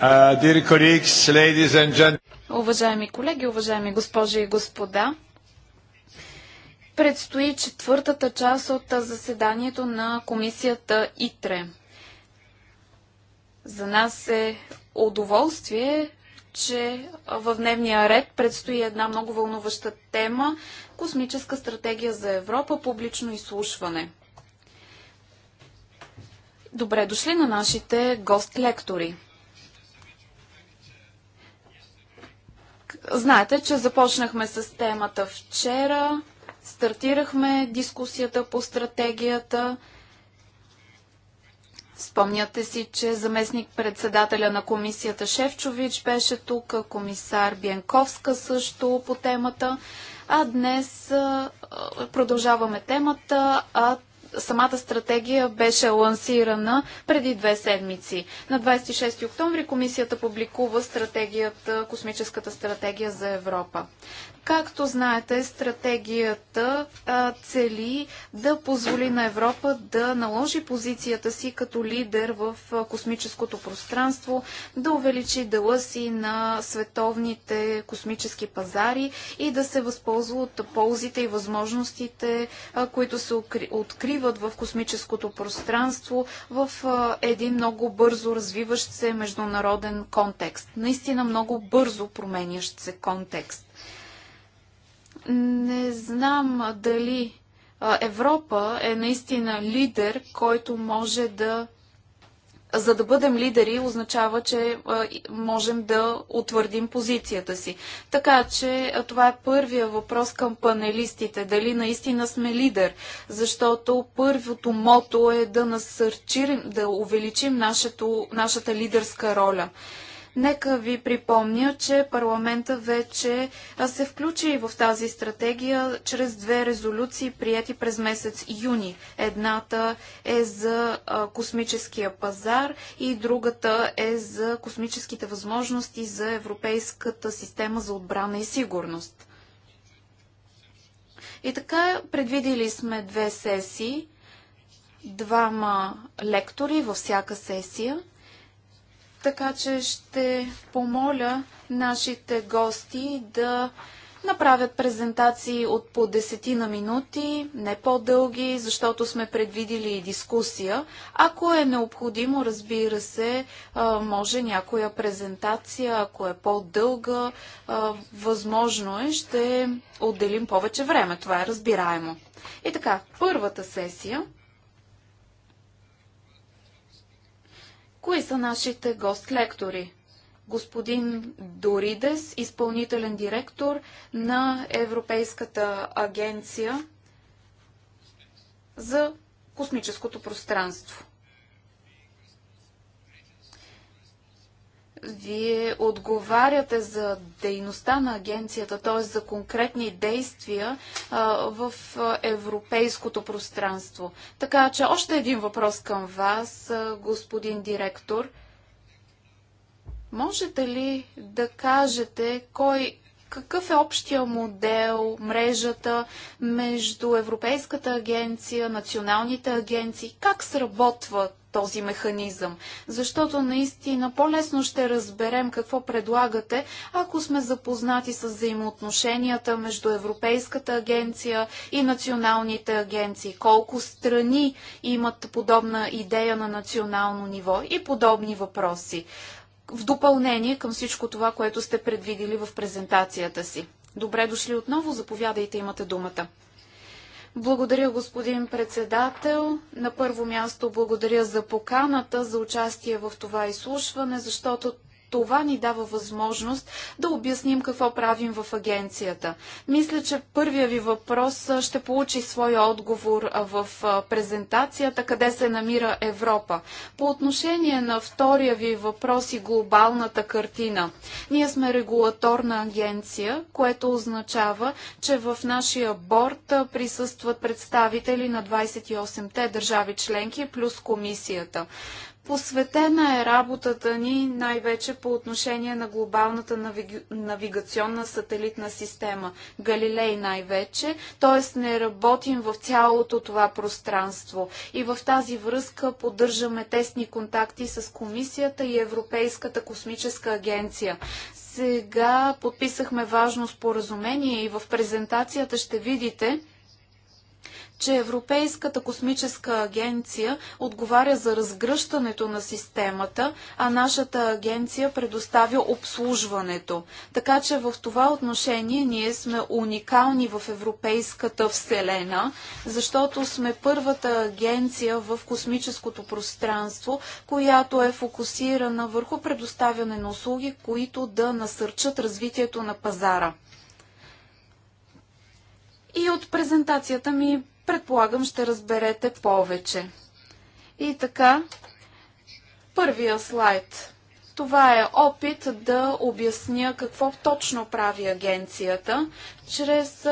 Uh, уважаеми колеги, уважаеми госпожи и господа, предстои четвъртата част от заседанието на комисията ИТРЕ. За нас е удоволствие, че в дневния ред предстои една много вълнуваща тема – космическа стратегия за Европа, публично изслушване. Добре дошли на нашите гост-лектори – Знаете, че започнахме с темата вчера, стартирахме дискусията по стратегията. Спомняте си, че заместник председателя на комисията Шевчович беше тук, комисар Бянковска също по темата. А днес продължаваме темата, а самата стратегия беше лансирана преди две седмици. На 26 октомври комисията публикува стратегията, космическата стратегия за Европа. Както знаете, стратегията а, цели да позволи на Европа да наложи позицията си като лидер в а, космическото пространство, да увеличи дела си на световните космически пазари и да се възползва от ползите и възможностите, а, които се откриват в космическото пространство в един много бързо развиващ се международен контекст. Наистина много бързо променящ се контекст. Не знам дали Европа е наистина лидер, който може да. За да бъдем лидери означава, че можем да утвърдим позицията си. Така че това е първия въпрос към панелистите. Дали наистина сме лидер? Защото първото мото е да насърчим, да увеличим нашето, нашата лидерска роля. Нека ви припомня, че парламента вече се включи в тази стратегия чрез две резолюции, прияти през месец юни. Едната е за космическия пазар и другата е за космическите възможности за Европейската система за отбрана и сигурност. И така, предвидили сме две сесии, двама лектори във всяка сесия – така че ще помоля нашите гости да направят презентации от по десетина минути, не по-дълги, защото сме предвидили и дискусия. Ако е необходимо, разбира се, може някоя презентация, ако е по-дълга, възможно е, ще отделим повече време. Това е разбираемо. И така, първата сесия Кои са нашите гост-лектори? Господин Доридес, изпълнителен директор на Европейската агенция за космическото пространство. вие отговаряте за дейността на агенцията, т.е. за конкретни действия в европейското пространство. Така че още един въпрос към вас, господин директор. Можете ли да кажете кой какъв е общия модел, мрежата между Европейската агенция, националните агенции, как сработват? този механизъм. Защото наистина по-лесно ще разберем какво предлагате, ако сме запознати с взаимоотношенията между Европейската агенция и националните агенции. Колко страни имат подобна идея на национално ниво и подобни въпроси. В допълнение към всичко това, което сте предвидили в презентацията си. Добре дошли отново, заповядайте, имате думата. Благодаря, господин председател. На първо място благодаря за поканата за участие в това изслушване, защото това ни дава възможност да обясним какво правим в агенцията. Мисля, че първия ви въпрос ще получи своя отговор в презентацията къде се намира Европа. По отношение на втория ви въпрос и глобалната картина. Ние сме регулаторна агенция, което означава, че в нашия борт присъстват представители на 28-те държави членки плюс комисията. Посветена е работата ни най-вече по отношение на глобалната навигационна сателитна система, Галилей най-вече, т.е. не работим в цялото това пространство. И в тази връзка поддържаме тесни контакти с Комисията и Европейската космическа агенция. Сега подписахме важно споразумение и в презентацията ще видите, че Европейската космическа агенция отговаря за разгръщането на системата, а нашата агенция предоставя обслужването. Така че в това отношение ние сме уникални в Европейската вселена, защото сме първата агенция в космическото пространство, която е фокусирана върху предоставяне на услуги, които да насърчат развитието на пазара. И от презентацията ми Предполагам, ще разберете повече. И така, първия слайд. Това е опит да обясня какво точно прави агенцията чрез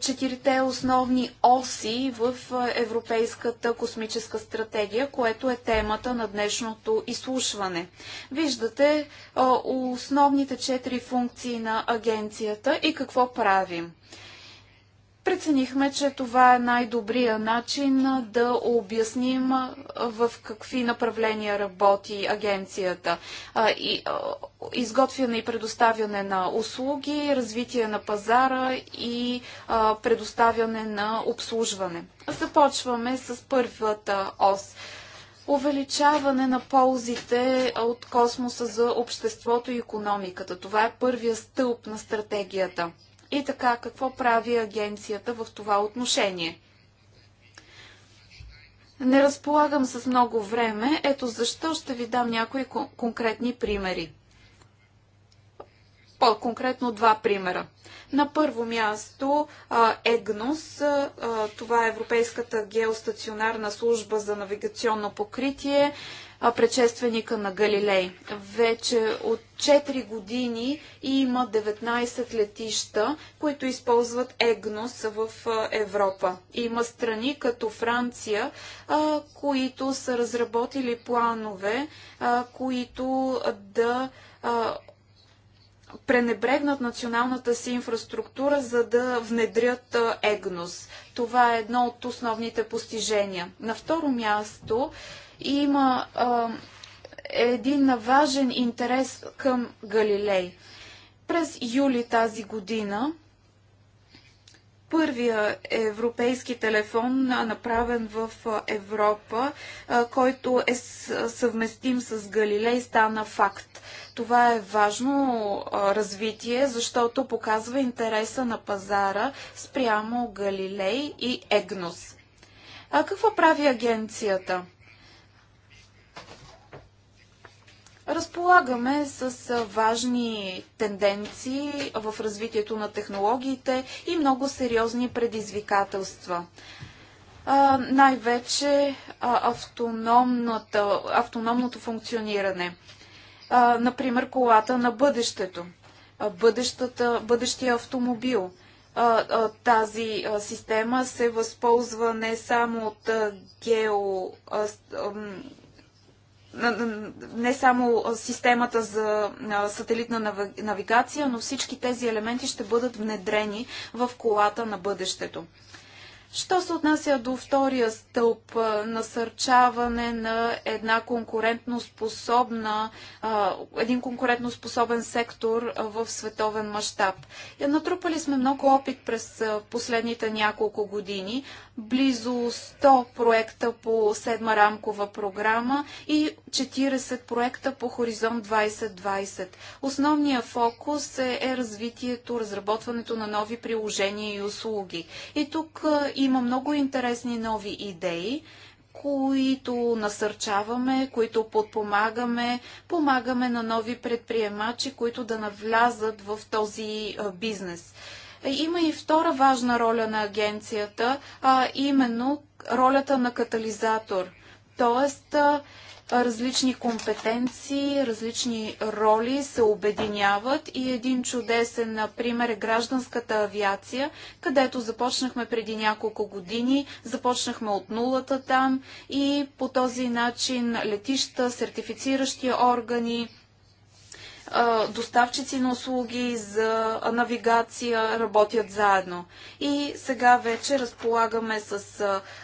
четирите основни оси в Европейската космическа стратегия, което е темата на днешното изслушване. Виждате основните четири функции на агенцията и какво правим. Преценихме, че това е най-добрия начин да обясним в какви направления работи агенцията. изготвяне и предоставяне на услуги, развитие на пазара и предоставяне на обслужване. Започваме с първата ос увеличаване на ползите от космоса за обществото и економиката. Това е първия стълб на стратегията. И така, какво прави агенцията в това отношение? Не разполагам с много време, ето защо ще ви дам някои конкретни примери. По-конкретно два примера. На първо място ЕГНОС, това е Европейската геостационарна служба за навигационно покритие, предшественика на Галилей. Вече от 4 години има 19 летища, които използват ЕГНОС в Европа. Има страни като Франция, които са разработили планове, които да пренебрегнат националната си инфраструктура, за да внедрят ЕГНОС. Това е едно от основните постижения. На второ място има а, един важен интерес към Галилей. През юли тази година първия европейски телефон, направен в Европа, който е съвместим с Галилей, стана факт. Това е важно развитие, защото показва интереса на пазара спрямо Галилей и Егнос. А какво прави агенцията? Разполагаме с важни тенденции в развитието на технологиите и много сериозни предизвикателства. най-вече автономното функциониране. например, колата на бъдещето, бъдещата, бъдещия автомобил. тази система се възползва не само от гео не само системата за сателитна навигация, но всички тези елементи ще бъдат внедрени в колата на бъдещето. Що се отнася до втория стълб насърчаване на една конкурентно способна, един конкурентно способен сектор в световен мащаб? Натрупали сме много опит през последните няколко години, близо 100 проекта по седма рамкова програма и 40 проекта по Хоризонт 2020. Основният фокус е, е развитието, разработването на нови приложения и услуги. И тук е, има много интересни нови идеи които насърчаваме, които подпомагаме, помагаме на нови предприемачи, които да навлязат в този е, бизнес. Има и втора важна роля на агенцията, а именно ролята на катализатор. Тоест, различни компетенции, различни роли се обединяват и един чудесен пример е гражданската авиация, където започнахме преди няколко години, започнахме от нулата там и по този начин летища, сертифициращи органи, доставчици на услуги за навигация работят заедно. И сега вече разполагаме с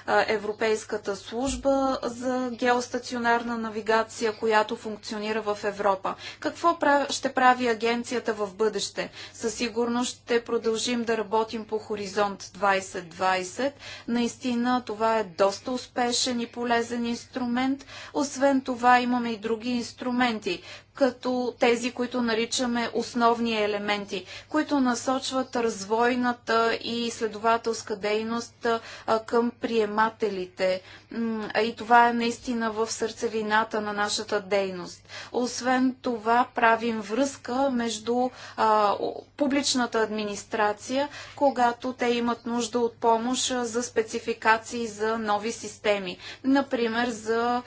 Европейската служба за геостационарна навигация, която функционира в Европа. Какво ще прави агенцията в бъдеще? Със сигурност ще продължим да работим по Хоризонт 2020. Наистина това е доста успешен и полезен инструмент. Освен това имаме и други инструменти, като тези, които наричаме основни елементи, които насочват развойната и изследователска дейност към приемателите. И това е наистина в сърцевината на нашата дейност. Освен това, правим връзка между публичната администрация, когато те имат нужда от помощ за спецификации за нови системи. Например, за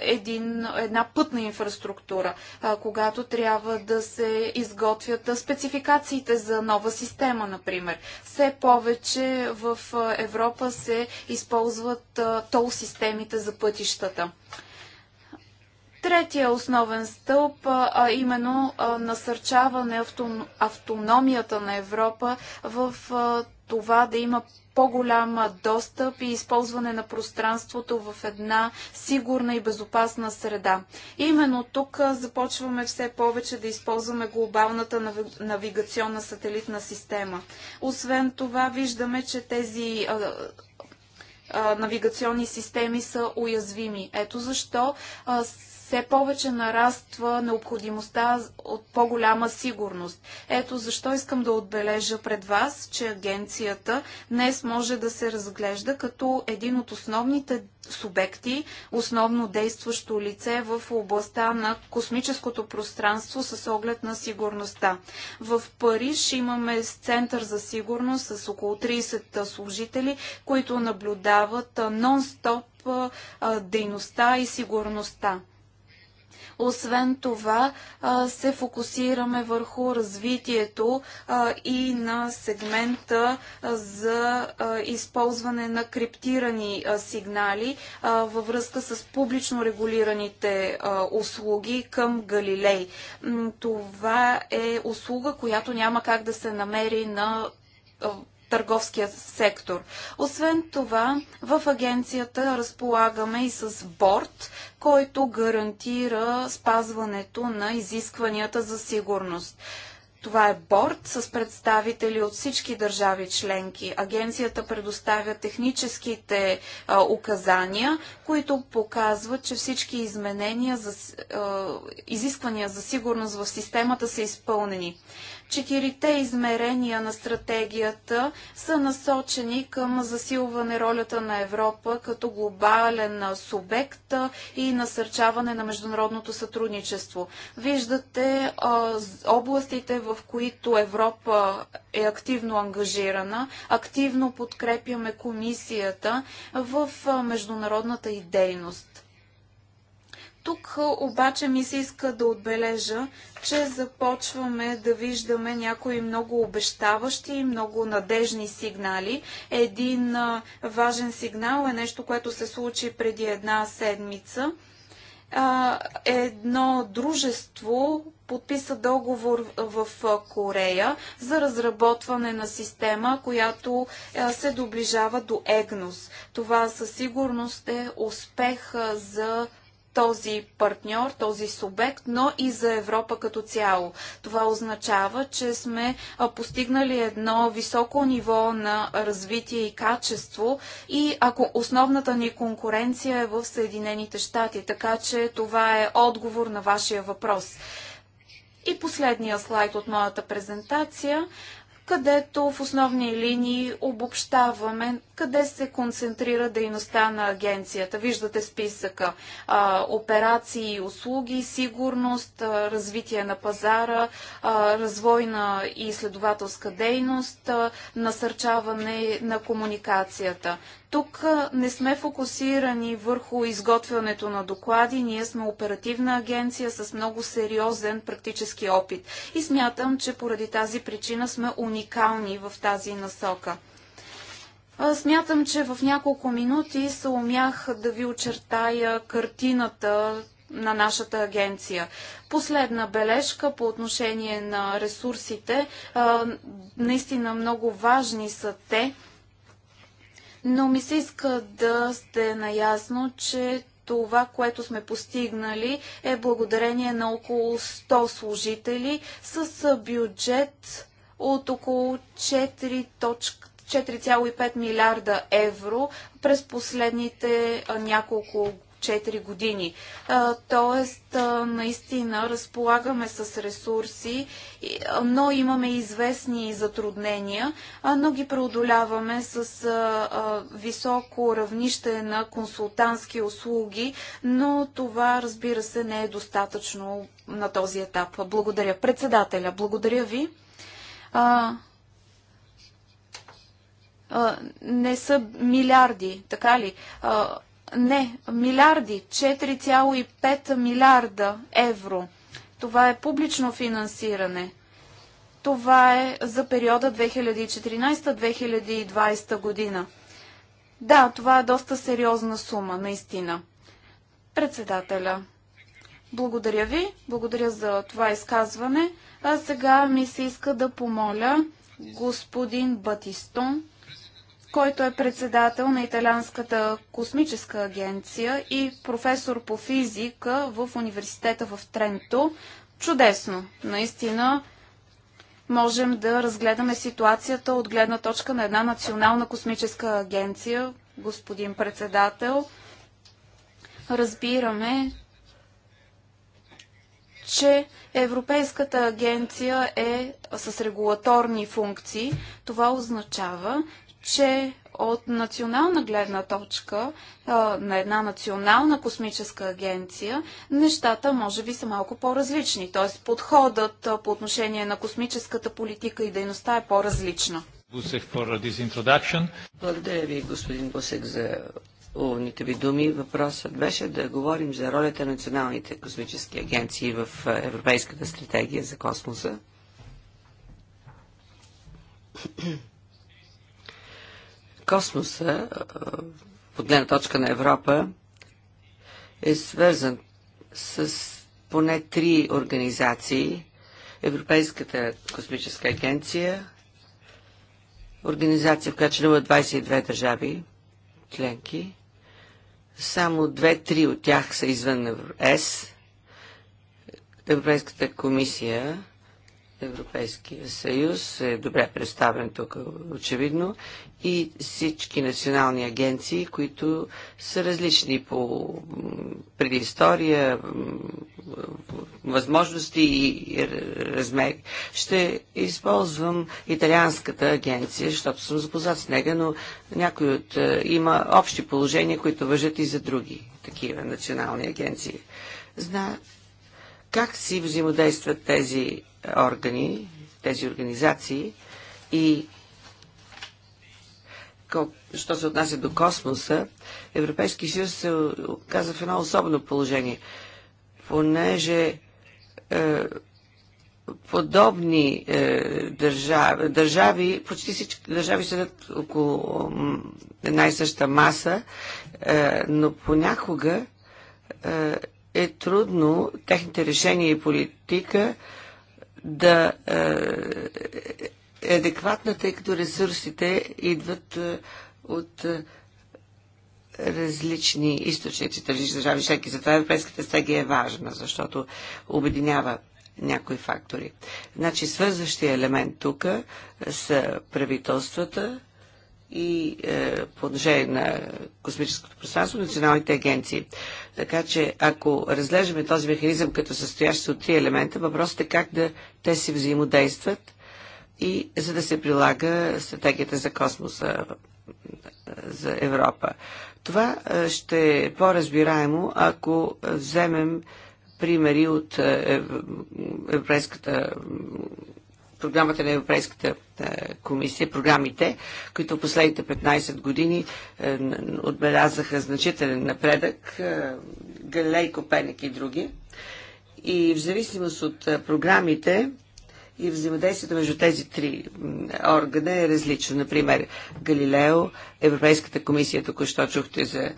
един, една пътна инфраструктура когато трябва да се изготвят спецификациите за нова система, например. Все повече в Европа се използват тол системите за пътищата. Третия основен стълб, а именно насърчаване автономията на Европа в това да има по-голям достъп и използване на пространството в една сигурна и безопасна среда. именно тук започваме все повече да използваме глобалната навигационна сателитна система. Освен това, виждаме, че тези навигационни системи са уязвими. Ето защо все повече нараства необходимостта от по-голяма сигурност. Ето защо искам да отбележа пред вас, че агенцията днес може да се разглежда като един от основните субекти, основно действащо лице в областта на космическото пространство с оглед на сигурността. В Париж имаме център за сигурност с около 30 служители, които наблюдават нон-стоп дейността и сигурността. Освен това, се фокусираме върху развитието и на сегмента за използване на криптирани сигнали във връзка с публично регулираните услуги към Галилей. Това е услуга, която няма как да се намери на търговския сектор. Освен това, в агенцията разполагаме и с борт, който гарантира спазването на изискванията за сигурност. Това е борт с представители от всички държави членки. Агенцията предоставя техническите а, указания, които показват, че всички изменения за, а, изисквания за сигурност в системата са изпълнени. Четирите измерения на стратегията са насочени към засилване ролята на Европа като глобален субект и насърчаване на международното сътрудничество. Виждате областите, в които Европа е активно ангажирана. Активно подкрепяме комисията в международната и дейност. Тук обаче ми се иска да отбележа, че започваме да виждаме някои много обещаващи и много надежни сигнали. Един а, важен сигнал е нещо, което се случи преди една седмица. А, едно дружество подписа договор в Корея за разработване на система, която се доближава до ЕГНОС. Това със сигурност е успех за този партньор, този субект, но и за Европа като цяло. Това означава, че сме постигнали едно високо ниво на развитие и качество и ако основната ни конкуренция е в Съединените щати, така че това е отговор на вашия въпрос. И последния слайд от моята презентация където в основни линии обобщаваме къде се концентрира дейността на агенцията. Виждате списъка а, операции и услуги, сигурност, а, развитие на пазара, а, развойна и изследователска дейност, а, насърчаване на комуникацията. Тук не сме фокусирани върху изготвянето на доклади. Ние сме оперативна агенция с много сериозен практически опит. И смятам, че поради тази причина сме уникални в тази насока. Смятам, че в няколко минути се умях да ви очертая картината на нашата агенция. Последна бележка по отношение на ресурсите. Наистина много важни са те но ми се иска да сте наясно, че това, което сме постигнали е благодарение на около 100 служители с бюджет от около 4,5 милиарда евро през последните няколко години. 4 години. Тоест, наистина разполагаме с ресурси, но имаме известни затруднения, но ги преодоляваме с високо равнище на консултантски услуги, но това, разбира се, не е достатъчно на този етап. Благодаря. Председателя, благодаря ви не са милиарди, така ли? не, милиарди, 4,5 милиарда евро. Това е публично финансиране. Това е за периода 2014-2020 година. Да, това е доста сериозна сума, наистина. Председателя. Благодаря ви, благодаря за това изказване. А сега ми се иска да помоля господин Батистон който е председател на Италианската космическа агенция и професор по физика в университета в Тренто. Чудесно! Наистина можем да разгледаме ситуацията от гледна точка на една национална космическа агенция, господин председател. Разбираме, че Европейската агенция е с регулаторни функции. Това означава, че от национална гледна точка а, на една национална космическа агенция, нещата може би са малко по-различни. Т.е. подходът а, по отношение на космическата политика и дейността е по-различна. Благодаря ви, господин Бусек, за умните ви думи. Въпросът беше да говорим за ролята на националните космически агенции в Европейската стратегия за космоса космоса, от гледна точка на Европа, е свързан с поне три организации. Европейската космическа агенция, организация, в която членуват 22 държави членки. Само две-три от тях са извън ЕС. Европейската комисия Европейския съюз е добре представен тук, очевидно, и всички национални агенции, които са различни по предистория, възможности и размер. Ще използвам италианската агенция, защото съм запознат с нега, но някои от... Е, има общи положения, които въжат и за други такива национални агенции. Зна как си взаимодействат тези органи, тези организации и що се отнася до космоса, Европейски съюз се оказа в едно особено положение, понеже е, подобни е, държави, държави, почти всички държави седят около една и съща маса, е, но понякога е, е трудно техните решения и политика да е, е адекватна, тъй като ресурсите идват е, от е, различни източници, различни държави членки. Затова европейската стратегия е важна, защото обединява някои фактори. Значи свързващия елемент тук са правителствата и е, по отношение на космическото пространство, националните агенции. Така че, ако разглеждаме този механизъм като състоящ се от три елемента, въпросът е как да те си взаимодействат и за да се прилага стратегията за космоса за Европа. Това ще е по-разбираемо, ако вземем примери от Европейската програмата на Европейската е, комисия, програмите, които в последните 15 години е, отбелязаха значителен напредък, е, Галилей, Копеник и други. И в зависимост от програмите, и взаимодействието между тези три органа е различно. Например, Галилео, Европейската комисия, току-що чухте за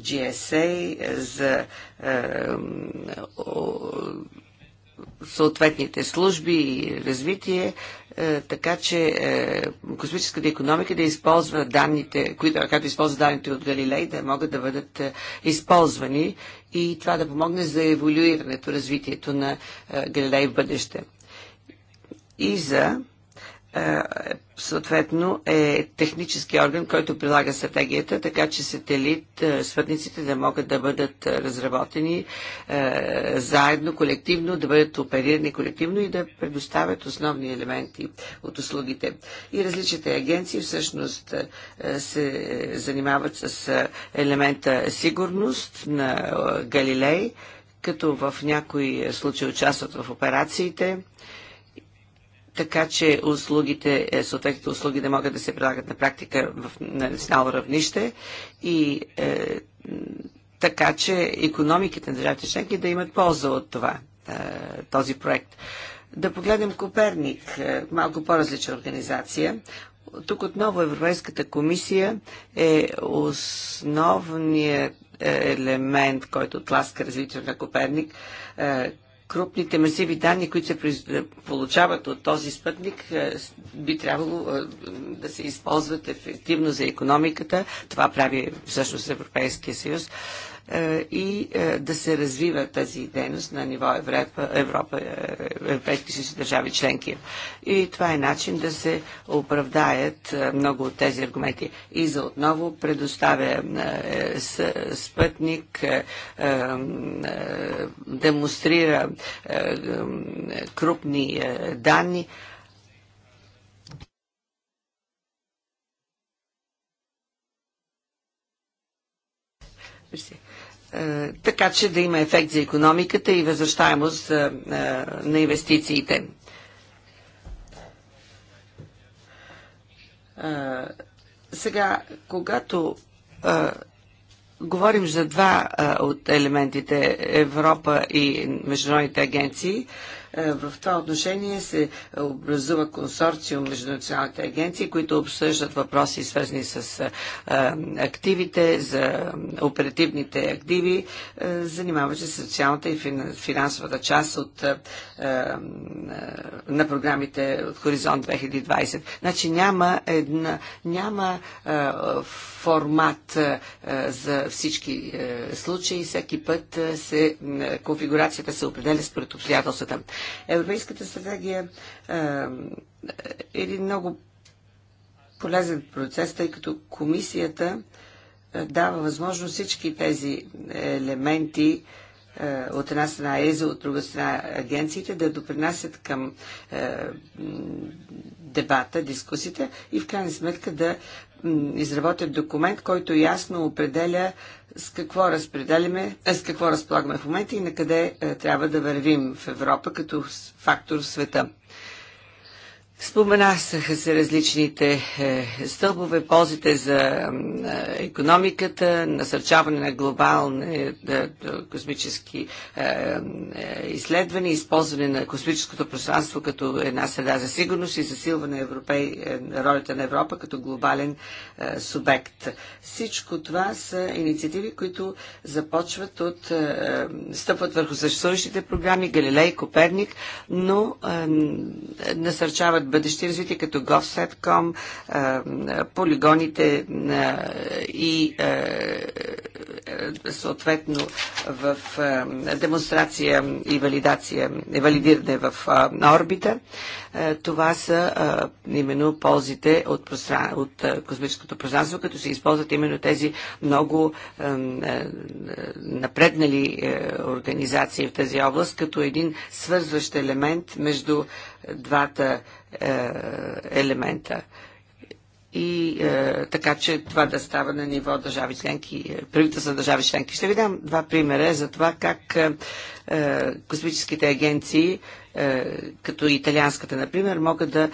GSA, за съответните служби и развитие, е, така че е, космическата економика да използва данните, които, както използва данните от Галилей, да могат да бъдат е, използвани и това да помогне за еволюирането, развитието на Галилей в бъдеще. И за е, съответно е технически орган, който прилага стратегията, така че сателит, е, свътниците да могат да бъдат разработени е, заедно, колективно, да бъдат оперирани колективно и да предоставят основни елементи от услугите. И различните агенции всъщност се занимават с елемента сигурност на Галилей, като в някои случаи участват в операциите, така че услугите, е, съответните услуги да могат да се прилагат на практика в, на национално равнище и е, така че економиките на държавите членки да имат полза от това, е, този проект. Да погледнем Коперник, е, малко по-различна организация. Тук отново Европейската комисия е основният е, елемент, който тласка развитието на Коперник. Е, крупните масиви данни, които се получават от този спътник, е, би трябвало е, да се използват ефективно за економиката. Това прави всъщност Европейския съюз. Е, и е, да се развива тази дейност на ниво Европа, Европа е, Европейски съюз държави членки. И това е начин да се оправдаят много от тези аргументи. И за отново предоставя спътник, демонстрира крупни данни, Мерси. Е, така че да има ефект за економиката и възвръщаемост е, на инвестициите. Е, сега, когато говорим за два от елементите Европа и международните агенции, е, в това отношение се образува консорциум между националните агенции, които обсъждат въпроси свързани с е, активите, за оперативните активи, е, занимаващи се социалната и финансовата част от, на програмите от Хоризонт 2020. Значи няма една, няма формат за всички случаи. Всеки път се, конфигурацията се определя според обстоятелствата. Европейската стратегия е един много полезен процес, тъй като комисията дава възможност всички тези елементи от една страна ЕЗО, от друга страна агенциите да допринасят към е, дебата, дискусията и в крайна сметка да изработят документ, който ясно определя с какво, разпределяме, е, с какво разполагаме в момента и на къде е, трябва да вървим в Европа като фактор в света. Споменаха се различните е, стълбове, ползите за е, економиката, насърчаване на глобални е, космически изследвания, използване на космическото пространство като една среда за сигурност и засилване на европей, ролята на Европа като глобален субект. Всичко това са инициативи, които започват от, стъпват върху съществуващите програми Галилей, Коперник, но насърчават Бъдещи развитие, като GovSetcom, полигоните и съответно в демонстрация и валидация, валидиране в орбита. Това са именно ползите от, простран... от космическото пространство, като се използват именно тези много напреднали организации в тази област, като един свързващ елемент между двата е, елемента. И е, така, че това да става на ниво държави членки, е, правителства на държави членки. Ще ви дам два примера за това как е, е космическите агенции е, като италианската, например, могат да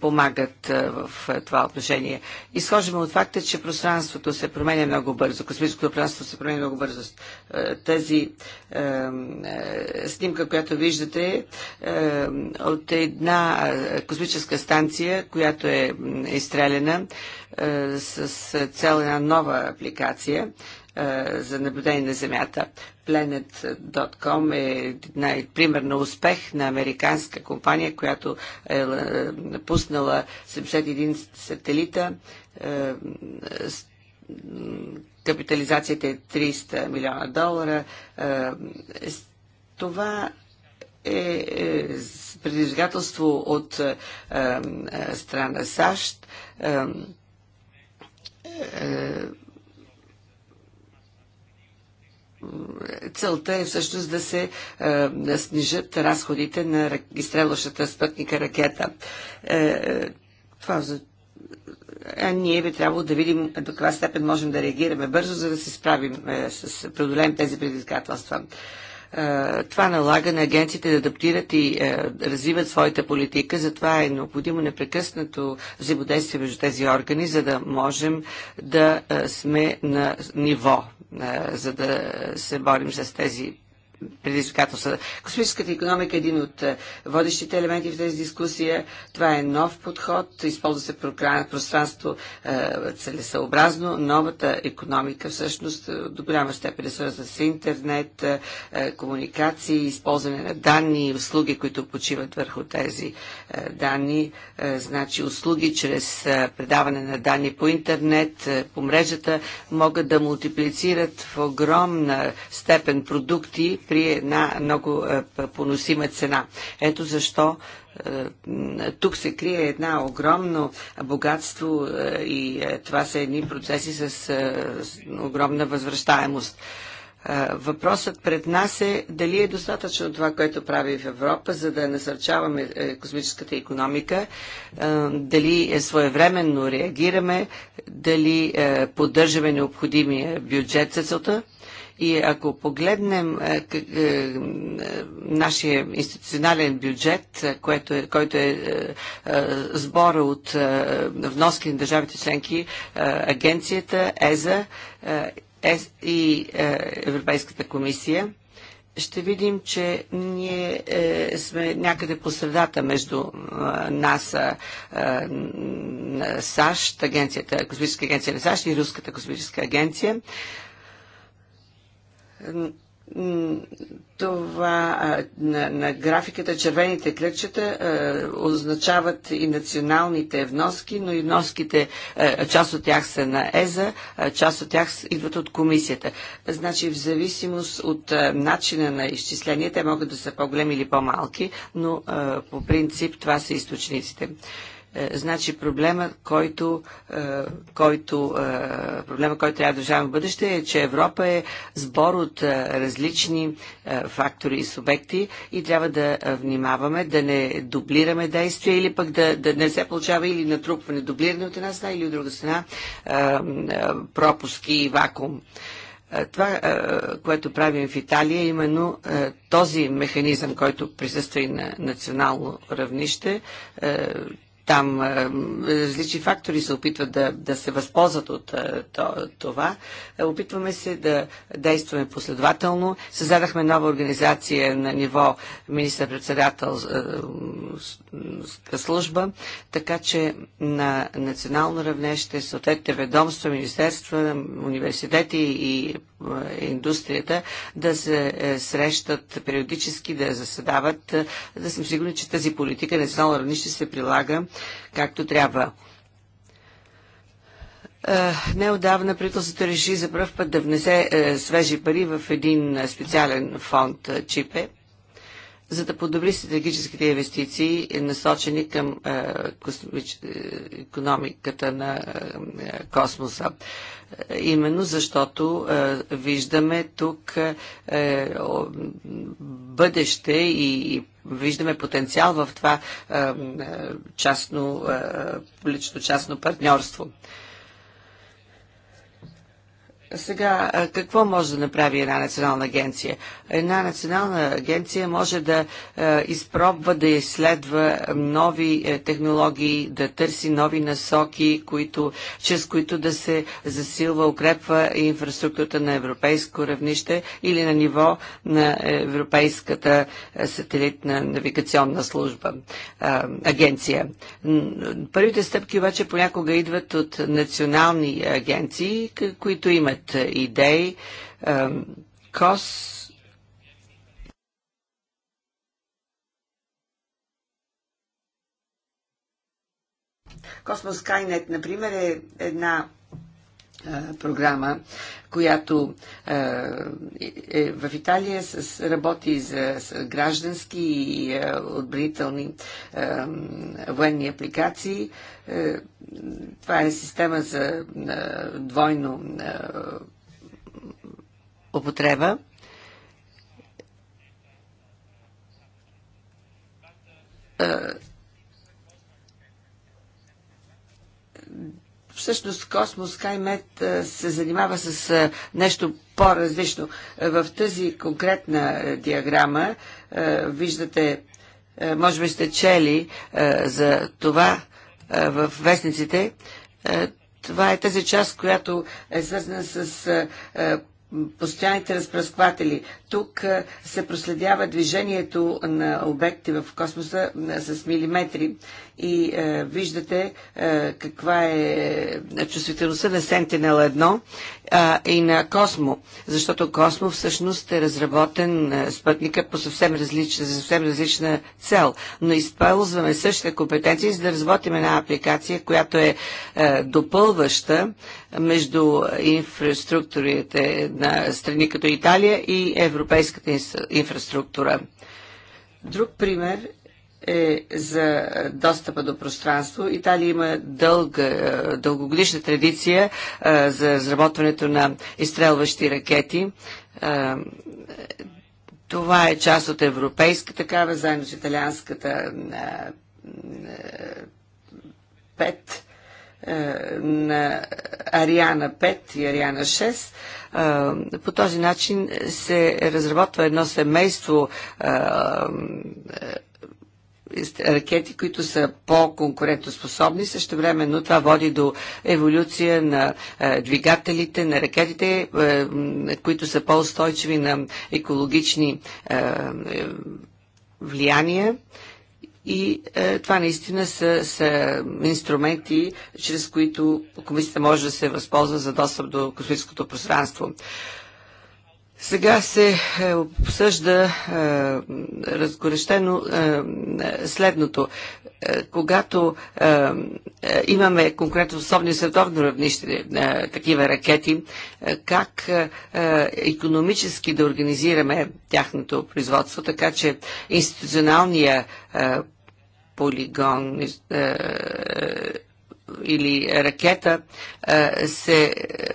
помагат е, в е, това отношение. Изхождаме от факта, че пространството се променя много бързо, космическото пространство се променя много бързо. Тази снимка, която виждате, от една космическа станция, която е изстреляна с цел една нова апликация, е, за наблюдение на Земята. Planet.com е пример на успех на американска компания, която е, е напуснала 71 сателита. Е, капитализацията е 300 милиона долара. Това е предизвикателство от страна САЩ целта е всъщност да се е, да снижат разходите на изстрелващата спътника ракета. Е, е това а ние би трябвало да видим до каква степен можем да реагираме бързо, за да се справим е, с преодолеем тези предизвикателства. Е, това налага на агенциите да адаптират и е, развиват своята политика, затова е необходимо непрекъснато взаимодействие между тези органи, за да можем да е, сме на ниво, за да се борим с тези предизвикателства. Космическата економика е един от е, водещите елементи в тази дискусия. Това е нов подход. Използва се пространство е, целесъобразно. Новата економика всъщност е, до голяма степен е свързана с интернет, комуникации, използване на данни и услуги, които почиват върху тези данни. Значи услуги чрез предаване на данни по интернет, по мрежата могат да мултиплицират в огромна степен продукти, при една много е, поносима цена. Ето защо е, тук се крие една огромно богатство е, и това са едни процеси с огромна възвръщаемост. Въпросът пред нас е дали е достатъчно това, което прави в Европа, за да насърчаваме космическата економика, дали своевременно реагираме, дали поддържаме необходимия бюджет за целта и ако погледнем е, е, е, нашия институционален бюджет, което е, който е сбора от вноски на държавите членки, агенцията, ЕЗА и Европейската комисия, ще видим, че ние е, сме някъде по средата между е, НАСА, е, САЩ, агенцията, космическа агенция на САЩ и Руската космическа агенция това на, на графиката червените клетчета е, означават и националните вноски, но и вноските, е, част от тях са на ЕЗА, е, част от тях идват от комисията. Значи в зависимост от е, начина на изчисление, те могат да са по-големи или по-малки, но е, по принцип това са източниците. Е, е, значи проблема, който, е, който, е, проблема, който трябва да решаваме в бъдеще е, че Европа е сбор от различни фактори и субекти и трябва да внимаваме, да не дублираме действия или пък да, да не се получава или натрупване, дублиране от една страна или от друга страна пропуски и вакуум. Това, което правим в Италия, е именно този механизъм, който присъства и на национално равнище, там е, различни фактори се опитват да, да се възползват от е, това. Е, опитваме се да действаме последователно. Създадахме нова организация на ниво министър-председател служба, така че на национално равнеще съответните ведомства, министерства, университети и индустрията да се срещат периодически, да заседават, да съм сигурен, че тази политика национално равнище се прилага както трябва. Е, неодавна правителството реши за първ път да внесе е, свежи пари в един е, специален фонд Чипе – за да подобри стратегическите инвестиции, насочени към е, е, економиката на е, космоса. Именно защото виждаме тук бъдеще и, и виждаме потенциал в това частно, лично-частно партньорство. Сега, какво може да направи една национална агенция? Една национална агенция може да изпробва, да изследва нови е, технологии, да търси нови насоки, които, чрез които да се засилва, укрепва инфраструктурата на европейско равнище или на ниво на Европейската е, сателитна навигационна служба, е, агенция. Първите стъпки обаче понякога идват от национални агенции, които имат имат идеи. КОС Космос Кайнет, например, е една програма, която е, е в Италия с, работи за граждански и отбранителни военни апликации. Това е система за двойно употреба. Uh Всъщност Космос Каймет се занимава с нещо по-различно. В тази конкретна диаграма виждате, може би сте чели за това в вестниците, това е тази част, която е свързана с постоянните разпръскватели. Тук се проследява движението на обекти в космоса с милиметри и е, виждате е, каква е чувствителността на Sentinel-1 е, и на Космо, защото Космо всъщност е разработен е, спътника по съвсем различна, съвсем различна цел, но използваме същите компетенции, за да разработим една апликация, която е, е допълваща между инфраструктурите на страни като Италия и Европа европейската инфраструктура. Друг пример е за достъпа до пространство. Италия има дълга, е, дългогодишна традиция е, за разработването на изстрелващи ракети. Е, това е част от европейска такава, заедно с италианската на пет на Ариана 5 и Ариана 6 по този начин се разработва едно семейство ракети, които са по-конкурентоспособни. Също времено това води до еволюция на двигателите, на ракетите, които са по-устойчиви на екологични е, влияния. И е, това наистина са, са инструменти, чрез които комисията може да се възползва за достъп до космическото пространство. Сега се е, обсъжда е, разгорещено е, следното. Е, когато е, е имаме особни световно равнище е, такива ракети, е, как е, е, економически да организираме тяхното производство, така че институционалния е, полигон е, или ракета е, се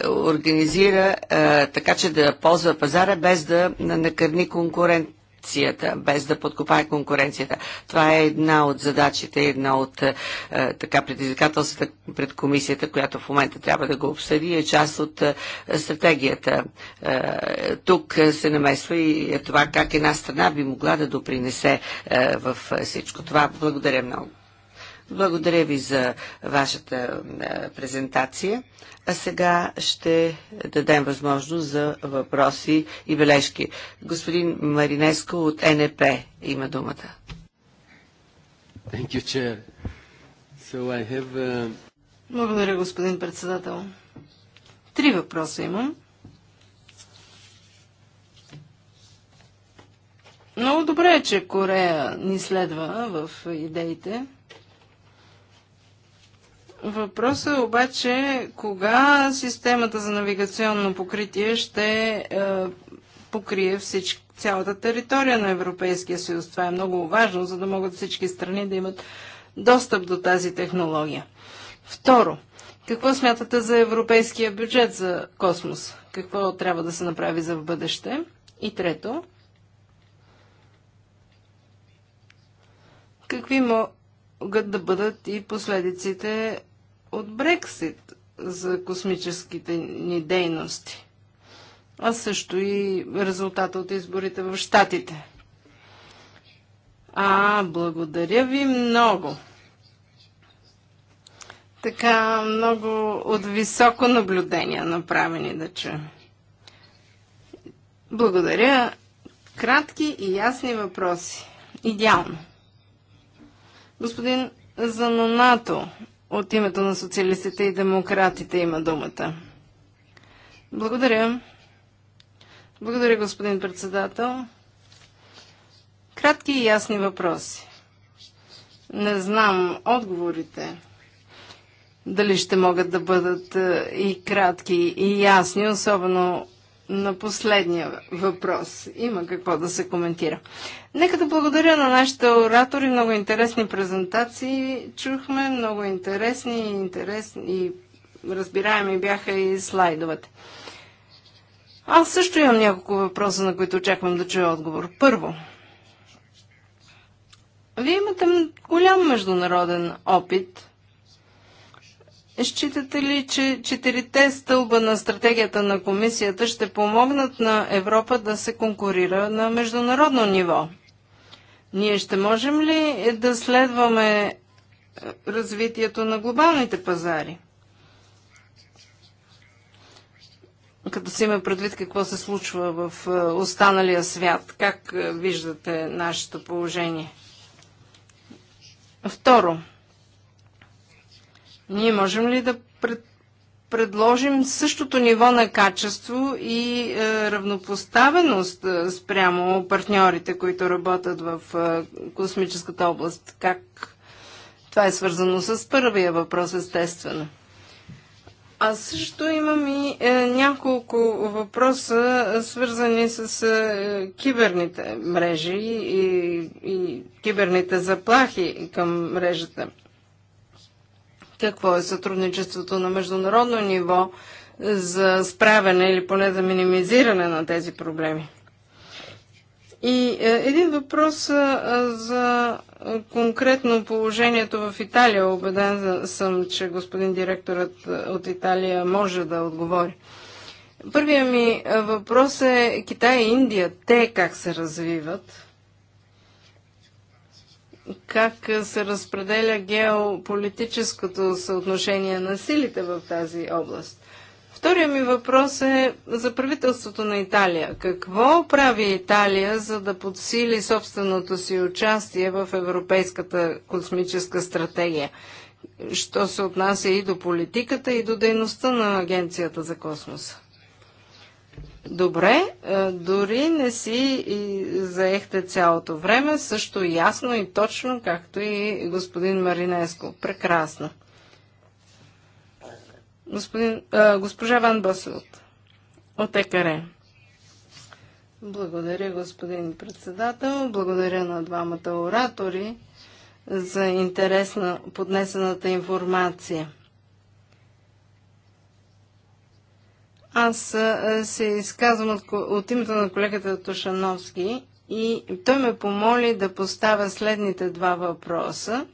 организира е, така, че да ползва пазара без да накърни конкурент продукцията, без да подкопае конкуренцията. Това е една от задачите, една от е, е, така предизвикателствата пред комисията, която в момента трябва да го обсъди, е част от е, стратегията. Е, тук се намесва и е това как една страна би могла да допринесе е, в всичко това. Благодаря много. Благодаря ви за вашата презентация. А сега ще дадем възможност за въпроси и бележки. Господин Маринеско от НП има думата. You, so uh... Благодаря, господин председател. Три въпроса имам. Много добре е, че Корея ни следва в идеите. Въпросът е обаче кога системата за навигационно покритие ще е, покрие всички, цялата територия на Европейския съюз. Това е много важно, за да могат всички страни да имат достъп до тази технология. Второ, какво смятате за европейския бюджет за космос? Какво трябва да се направи за в бъдеще? И трето, какви могат да бъдат и последиците от Брексит за космическите ни дейности, а също и резултата от изборите в Штатите. А, благодаря ви много. Така, много от високо наблюдение направени да че. Благодаря. Кратки и ясни въпроси. Идеално. Господин Занонато, от името на социалистите и демократите има думата. Благодаря. Благодаря, господин председател. Кратки и ясни въпроси. Не знам отговорите. Дали ще могат да бъдат е, и кратки и ясни, особено на последния въпрос. Има какво да се коментира. Нека да благодаря на нашите оратори. Много интересни презентации чухме, много интересни и интересни разбираеми бяха и слайдовете. Аз също имам няколко въпроса, на които очаквам да чуя отговор. Първо, вие имате голям международен опит – Считате ли, че четирите стълба на стратегията на комисията ще помогнат на Европа да се конкурира на международно ниво? Ние ще можем ли да следваме е, развитието на глобалните пазари? Като си има предвид какво се случва в е, останалия свят, как е, виждате нашето положение? Второ, ние можем ли да пред, предложим същото ниво на качество и е, равнопоставеност е, спрямо партньорите, които работят в е, космическата област? Как? Това е свързано с първия въпрос, естествено. А също имам и е, няколко въпроса, свързани с е, киберните мрежи и, и, и киберните заплахи към мрежата какво е сътрудничеството на международно ниво за справяне или поне за минимизиране на тези проблеми. И е, един въпрос е, за конкретно положението в Италия. Обеден съм, че господин директорът е, от Италия може да отговори. Първият ми въпрос е Китай и Индия. Те как се развиват? как се разпределя геополитическото съотношение на силите в тази област. Втория ми въпрос е за правителството на Италия. Какво прави Италия, за да подсили собственото си участие в Европейската космическа стратегия? Що се отнася и до политиката, и до дейността на Агенцията за космоса? Добре, е, дори не си и заехте цялото време, също ясно и точно, както и господин Маринеско. Прекрасно. Господин, а, е, госпожа Ван Басилот от ЕКР. Благодаря, господин председател. Благодаря на двамата оратори за интересна поднесената информация. Аз се изказвам от, от името на колегата Тушановски и той ме помоли да поставя следните два въпроса,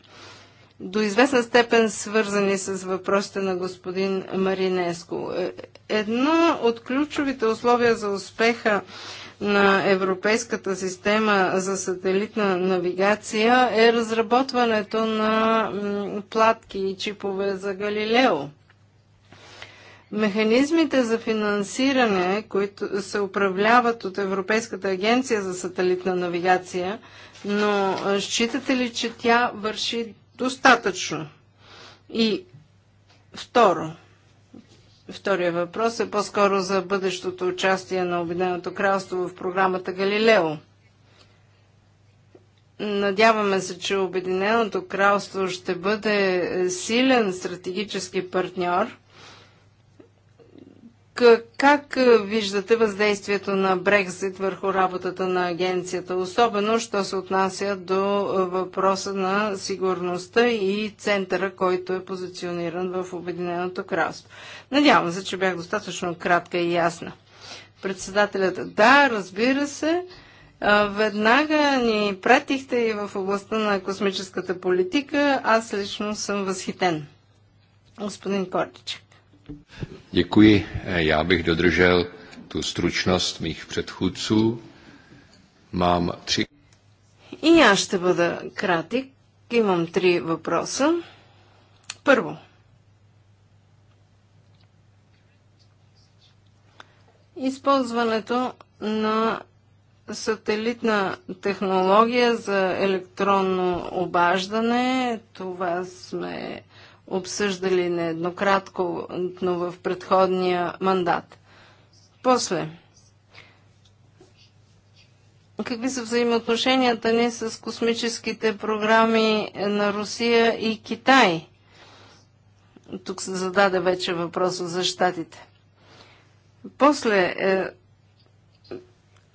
до известна степен свързани с въпросите на господин Маринеско. Е, едно от ключовите условия за успеха на Европейската система за сателитна навигация е разработването на платки и чипове за Галилео. Механизмите за финансиране, които се управляват от Европейската агенция за сателитна навигация, но считате ли, че тя върши достатъчно? И второ, втория въпрос е по-скоро за бъдещото участие на Обединеното кралство в програмата Галилео. Надяваме се, че Обединеното кралство ще бъде силен стратегически партньор – как виждате въздействието на Брекзит върху работата на агенцията, особено що се отнася до въпроса на сигурността и центъра, който е позициониран в Обединеното кралство? Надявам се, че бях достатъчно кратка и ясна. Председателят, да, разбира се, веднага ни пратихте и в областта на космическата политика. Аз лично съм възхитен. Господин Кордичек. Děkuji. Já bych dodržel tu stručnost mých předchůdců. Mám tři. И аз ще бъда кратик. Имам три въпроса. Първо. Използването на сателитна технология за електронно обаждане. Това сме обсъждали нееднократно в предходния мандат. После, какви са взаимоотношенията ни с космическите програми на Русия и Китай? Тук се зададе вече въпроса за щатите. После, е,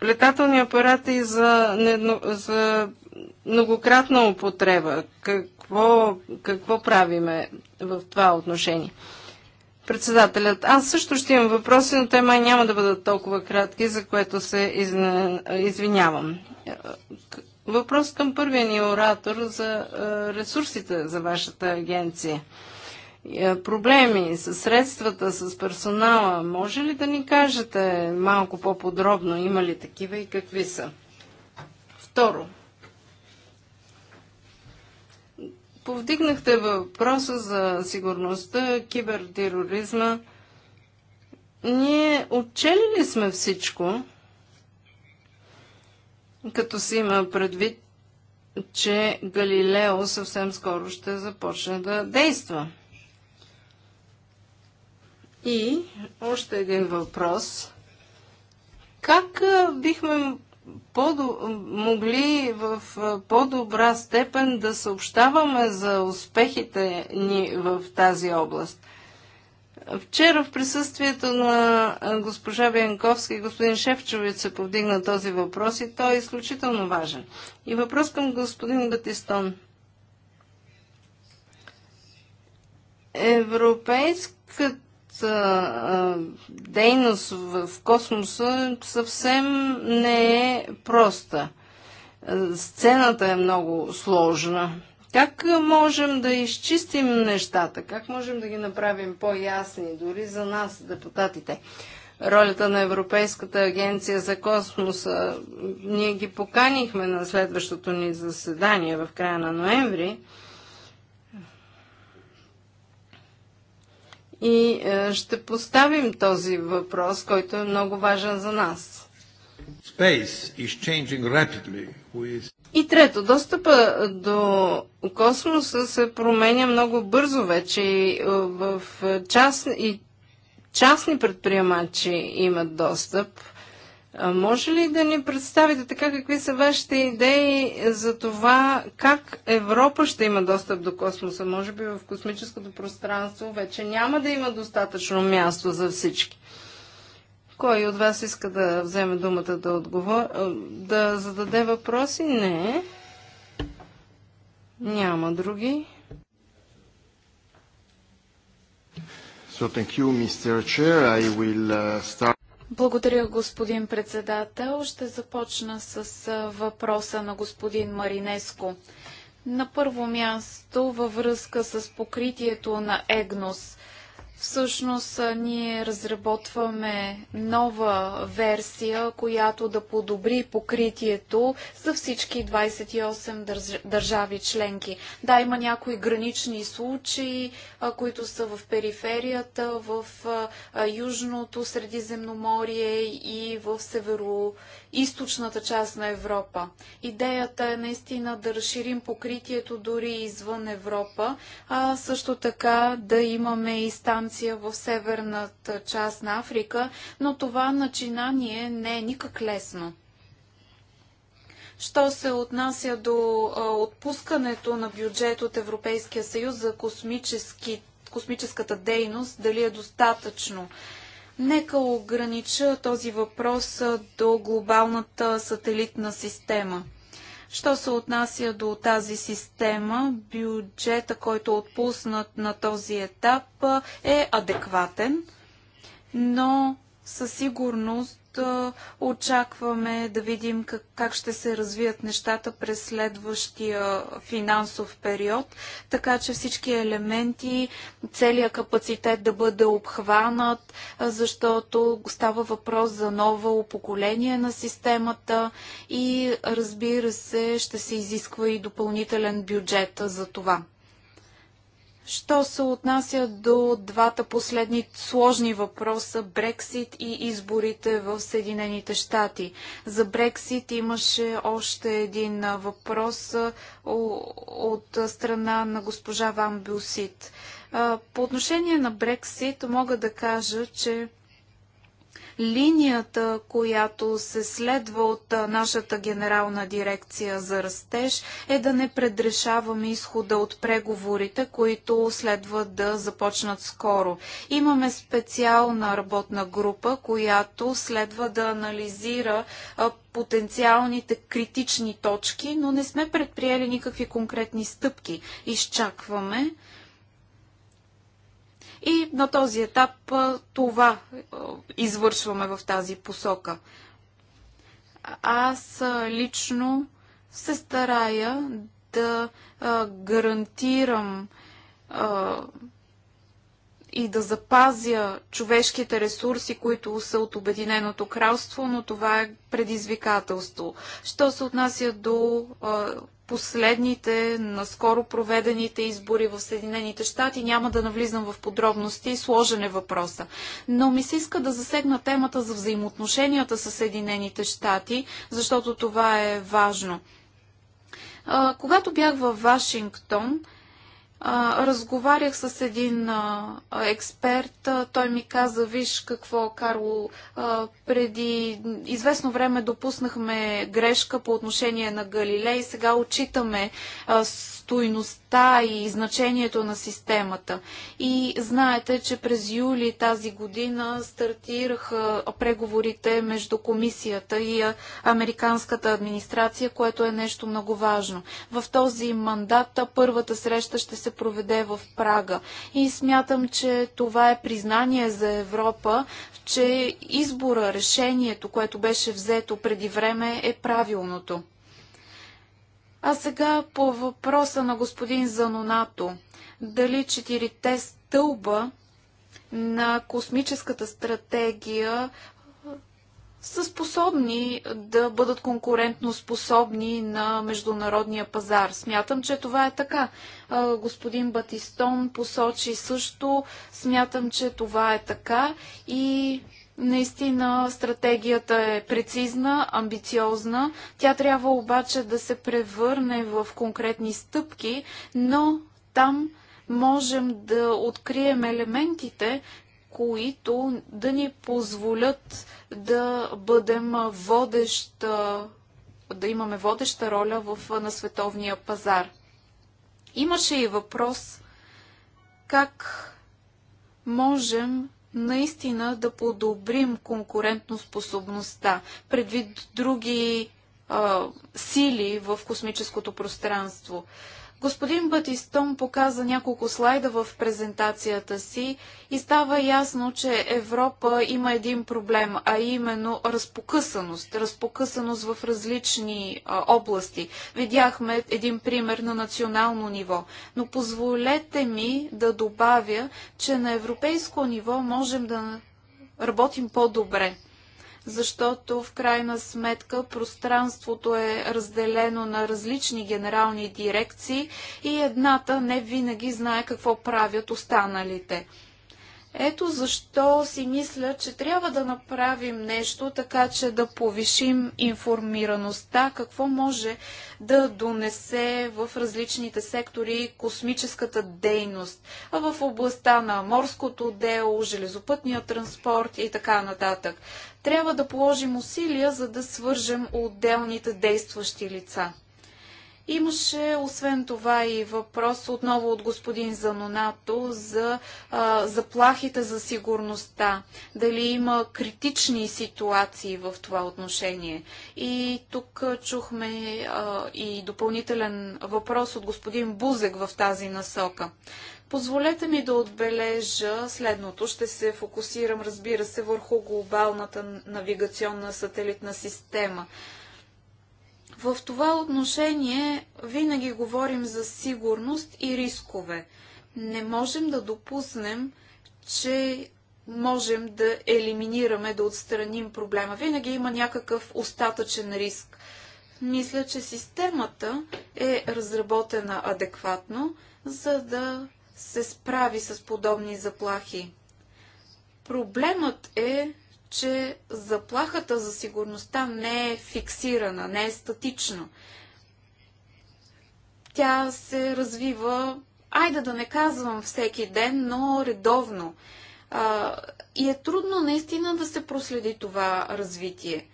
летателни апарати за, не, за многократна употреба. Как, какво, какво правиме в това отношение. Председателят, аз също ще имам въпроси, но те май няма да бъдат толкова кратки, за което се извинявам. Въпрос към първия ни оратор за е, ресурсите за вашата агенция е, проблеми с средствата, с персонала. Може ли да ни кажете малко по-подробно, има ли такива и какви са? Второ, Повдигнахте въпроса за сигурността, кибертероризма. Ние отчели ли сме всичко, като си има предвид, че Галилео съвсем скоро ще започне да действа? И още един въпрос. Как бихме могли в по-добра степен да съобщаваме за успехите ни в тази област. Вчера в присъствието на госпожа Бенковски и господин Шефчович се повдигна този въпрос и той е изключително важен. И въпрос към господин Батистон. Европейската а, дейност в, в космоса съвсем не е проста. Сцената е много сложна. Как можем да изчистим нещата? Как можем да ги направим по-ясни, дори за нас, депутатите? Ролята на Европейската агенция за космоса, ние ги поканихме на следващото ни заседание в края на ноември. и е, ще поставим този въпрос, който е много важен за нас. И трето, достъпа е, до космоса се променя много бързо вече и е, в част, и частни предприемачи имат достъп може ли да ни представите така какви са вашите идеи за това как Европа ще има достъп до космоса? Може би в космическото пространство вече няма да има достатъчно място за всички. Кой от вас иска да вземе думата да отговор... да зададе въпроси? Не. Няма други. So thank you, Mr. Chair. I will uh, start благодаря, господин председател. Ще започна с въпроса на господин Маринеско. На първо място във връзка с покритието на ЕГНОС – Всъщност ние разработваме нова версия, която да подобри покритието за всички 28 държави членки. Да, има някои гранични случаи, които са в периферията, в Южното Средиземноморие и в Северо източната част на Европа. Идеята е наистина да разширим покритието дори извън Европа, а също така да имаме и станция в северната част на Африка, но това начинание не е никак лесно. Що се отнася до а, отпускането на бюджет от Европейския съюз за космическата дейност, дали е достатъчно? Нека огранича този въпрос до глобалната сателитна система. Що се отнася до тази система, бюджета, който е отпуснат на този етап, е адекватен, но със сигурност очакваме да видим как, как ще се развият нещата през следващия финансов период, така че всички елементи, целият капацитет да бъде обхванат, защото става въпрос за ново поколение на системата и разбира се, ще се изисква и допълнителен бюджет за това. Що се отнася до двата последни сложни въпроса Брексит и изборите в Съединените щати? За Брексит имаше още един въпрос от страна на госпожа Ван Бюсит. По отношение на Брексит мога да кажа, че Линията, която се следва от нашата генерална дирекция за растеж, е да не предрешаваме изхода от преговорите, които следва да започнат скоро. Имаме специална работна група, която следва да анализира потенциалните критични точки, но не сме предприели никакви конкретни стъпки. Изчакваме и на този етап това извършваме в тази посока. Аз лично се старая да гарантирам и да запазя човешките ресурси, които са от Обединеното кралство, но това е предизвикателство. Що се отнася до последните наскоро проведените избори в Съединените щати. Няма да навлизам в подробности, сложен е въпроса. Но ми се иска да засегна темата за взаимоотношенията с Съединените щати, защото това е важно. когато бях във Вашингтон, а, разговарях с един а, експерт. А, той ми каза, виж какво, Карло, а, преди известно време допуснахме грешка по отношение на Галилей. Сега отчитаме а, стойността и значението на системата. И знаете, че през юли тази година стартираха преговорите между комисията и американската администрация, което е нещо много важно. В този мандат първата среща ще се се проведе в Прага. И смятам, че това е признание за Европа, че избора, решението, което беше взето преди време е правилното. А сега по въпроса на господин Занонато. Дали четирите стълба на космическата стратегия са способни да бъдат конкурентно способни на международния пазар. Смятам, че това е така. Господин Батистон посочи също, смятам, че това е така и наистина стратегията е прецизна, амбициозна. Тя трябва обаче да се превърне в конкретни стъпки, но там можем да открием елементите, които да ни позволят да бъдем водеща, да имаме водеща роля в, на световния пазар. Имаше и въпрос как можем наистина да подобрим конкурентоспособността предвид други а, сили в космическото пространство. Господин Батистон показа няколко слайда в презентацията си и става ясно, че Европа има един проблем, а именно разпокъсаност. Разпокъсаност в различни а, области. Видяхме един пример на национално ниво. Но позволете ми да добавя, че на европейско ниво можем да работим по-добре защото в крайна сметка пространството е разделено на различни генерални дирекции и едната не винаги знае какво правят останалите. Ето защо си мисля, че трябва да направим нещо, така че да повишим информираността, какво може да донесе в различните сектори космическата дейност, а в областта на морското дело, железопътния транспорт и така нататък. Трябва да положим усилия, за да свържем отделните действащи лица. Имаше, освен това, и въпрос отново от господин Занонато за а, заплахите за сигурността. Дали има критични ситуации в това отношение. И тук чухме а, и допълнителен въпрос от господин Бузек в тази насока. Позволете ми да отбележа следното. Ще се фокусирам, разбира се, върху глобалната навигационна сателитна система. В това отношение винаги говорим за сигурност и рискове. Не можем да допуснем, че можем да елиминираме, да отстраним проблема. Винаги има някакъв остатъчен риск. Мисля, че системата е разработена адекватно, за да се справи с подобни заплахи. Проблемът е, че заплахата за сигурността не е фиксирана, не е статична. Тя се развива, айде да не казвам всеки ден, но редовно. А, и е трудно наистина да се проследи това развитие.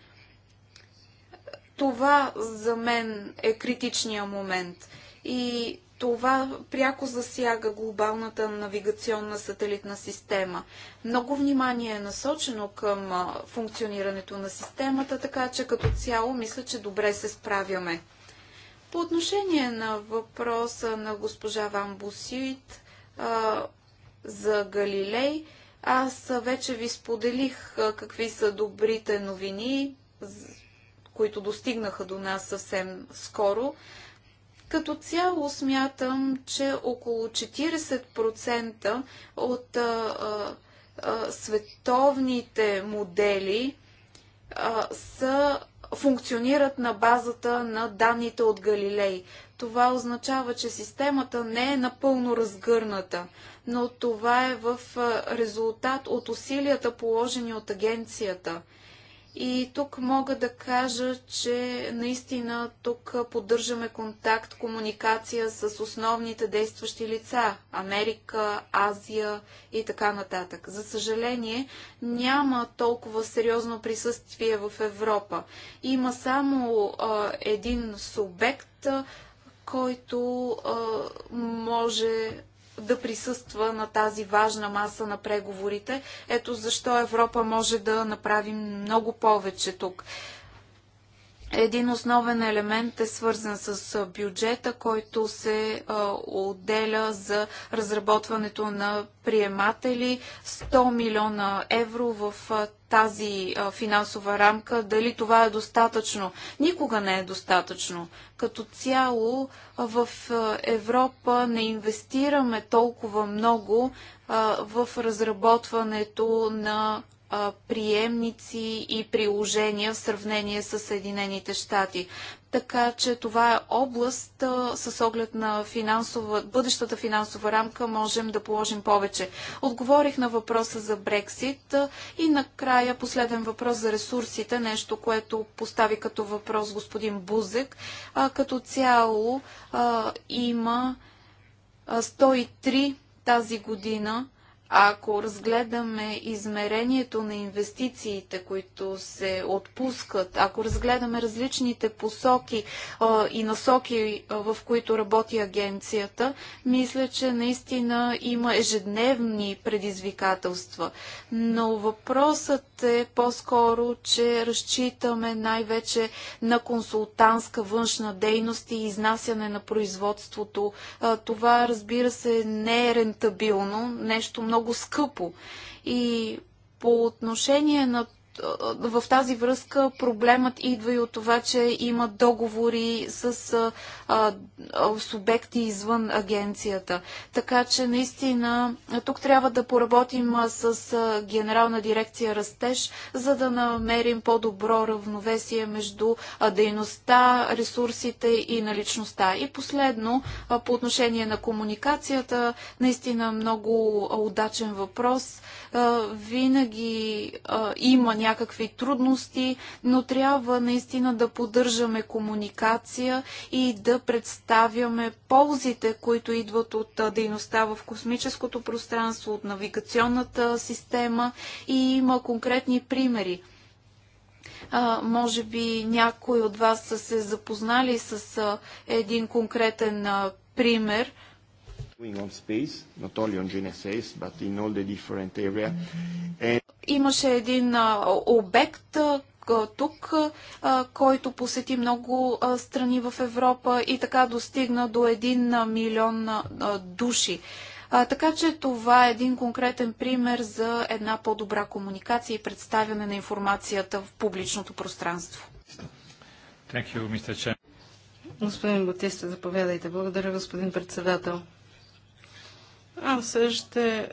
Това за мен е критичният момент. И това пряко засяга глобалната навигационна сателитна система. Много внимание е насочено към функционирането на системата, така че като цяло мисля, че добре се справяме. По отношение на въпроса на госпожа Ван Бусюит а, за Галилей, аз вече ви споделих какви са добрите новини, които достигнаха до нас съвсем скоро. Като цяло смятам, че около 40% от а, а, световните модели а, са функционират на базата на данните от Галилей. Това означава, че системата не е напълно разгърната, но това е в резултат от усилията положени от агенцията – и тук мога да кажа, че наистина тук поддържаме контакт, комуникация с основните действащи лица Америка, Азия и така нататък. За съжаление, няма толкова сериозно присъствие в Европа. Има само а, един субект, който а, може да присъства на тази важна маса на преговорите. Ето защо Европа може да направи много повече тук. Един основен елемент е свързан с бюджета, който се отделя за разработването на приематели 100 милиона евро в тази финансова рамка. Дали това е достатъчно? Никога не е достатъчно. Като цяло в Европа не инвестираме толкова много в разработването на приемници и приложения в сравнение с Съединените щати. Така че това е област с оглед на финансова, бъдещата финансова рамка можем да положим повече. Отговорих на въпроса за Брексит и накрая последен въпрос за ресурсите, нещо, което постави като въпрос господин Бузек. като цяло има 103 тази година ако разгледаме измерението на инвестициите, които се отпускат, ако разгледаме различните посоки а, и насоки, а, в които работи агенцията, мисля, че наистина има ежедневни предизвикателства. Но въпросът е по-скоро, че разчитаме най-вече на консултантска външна дейност и изнасяне на производството. А, това, разбира се, не е рентабилно, нещо много много скъпо. И по отношение на в тази връзка проблемът идва и от това, че има договори с а, а, субекти извън агенцията. Така че наистина тук трябва да поработим с а, Генерална дирекция Растеж, за да намерим по-добро равновесие между а, дейността, ресурсите и наличността. И последно, а, по отношение на комуникацията, наистина много удачен въпрос. А, винаги а, има някакви трудности, но трябва наистина да поддържаме комуникация и да представяме ползите, които идват от дейността в космическото пространство, от навигационната система и има конкретни примери. А, може би някои от вас са се запознали с а, един конкретен а, пример – doing on on space, not only GNSS, but in all the different area. And... Имаше един а, обект, а, тук, а, който посети много а, страни в Европа и така достигна до 1 милион а, души. А, Така че това е един конкретен пример за една по-добра комуникация и представяне на информацията в публичното пространство. Thank you, Mr. Господин Батиста, заповядайте. Благодаря, господин председател. Аз ще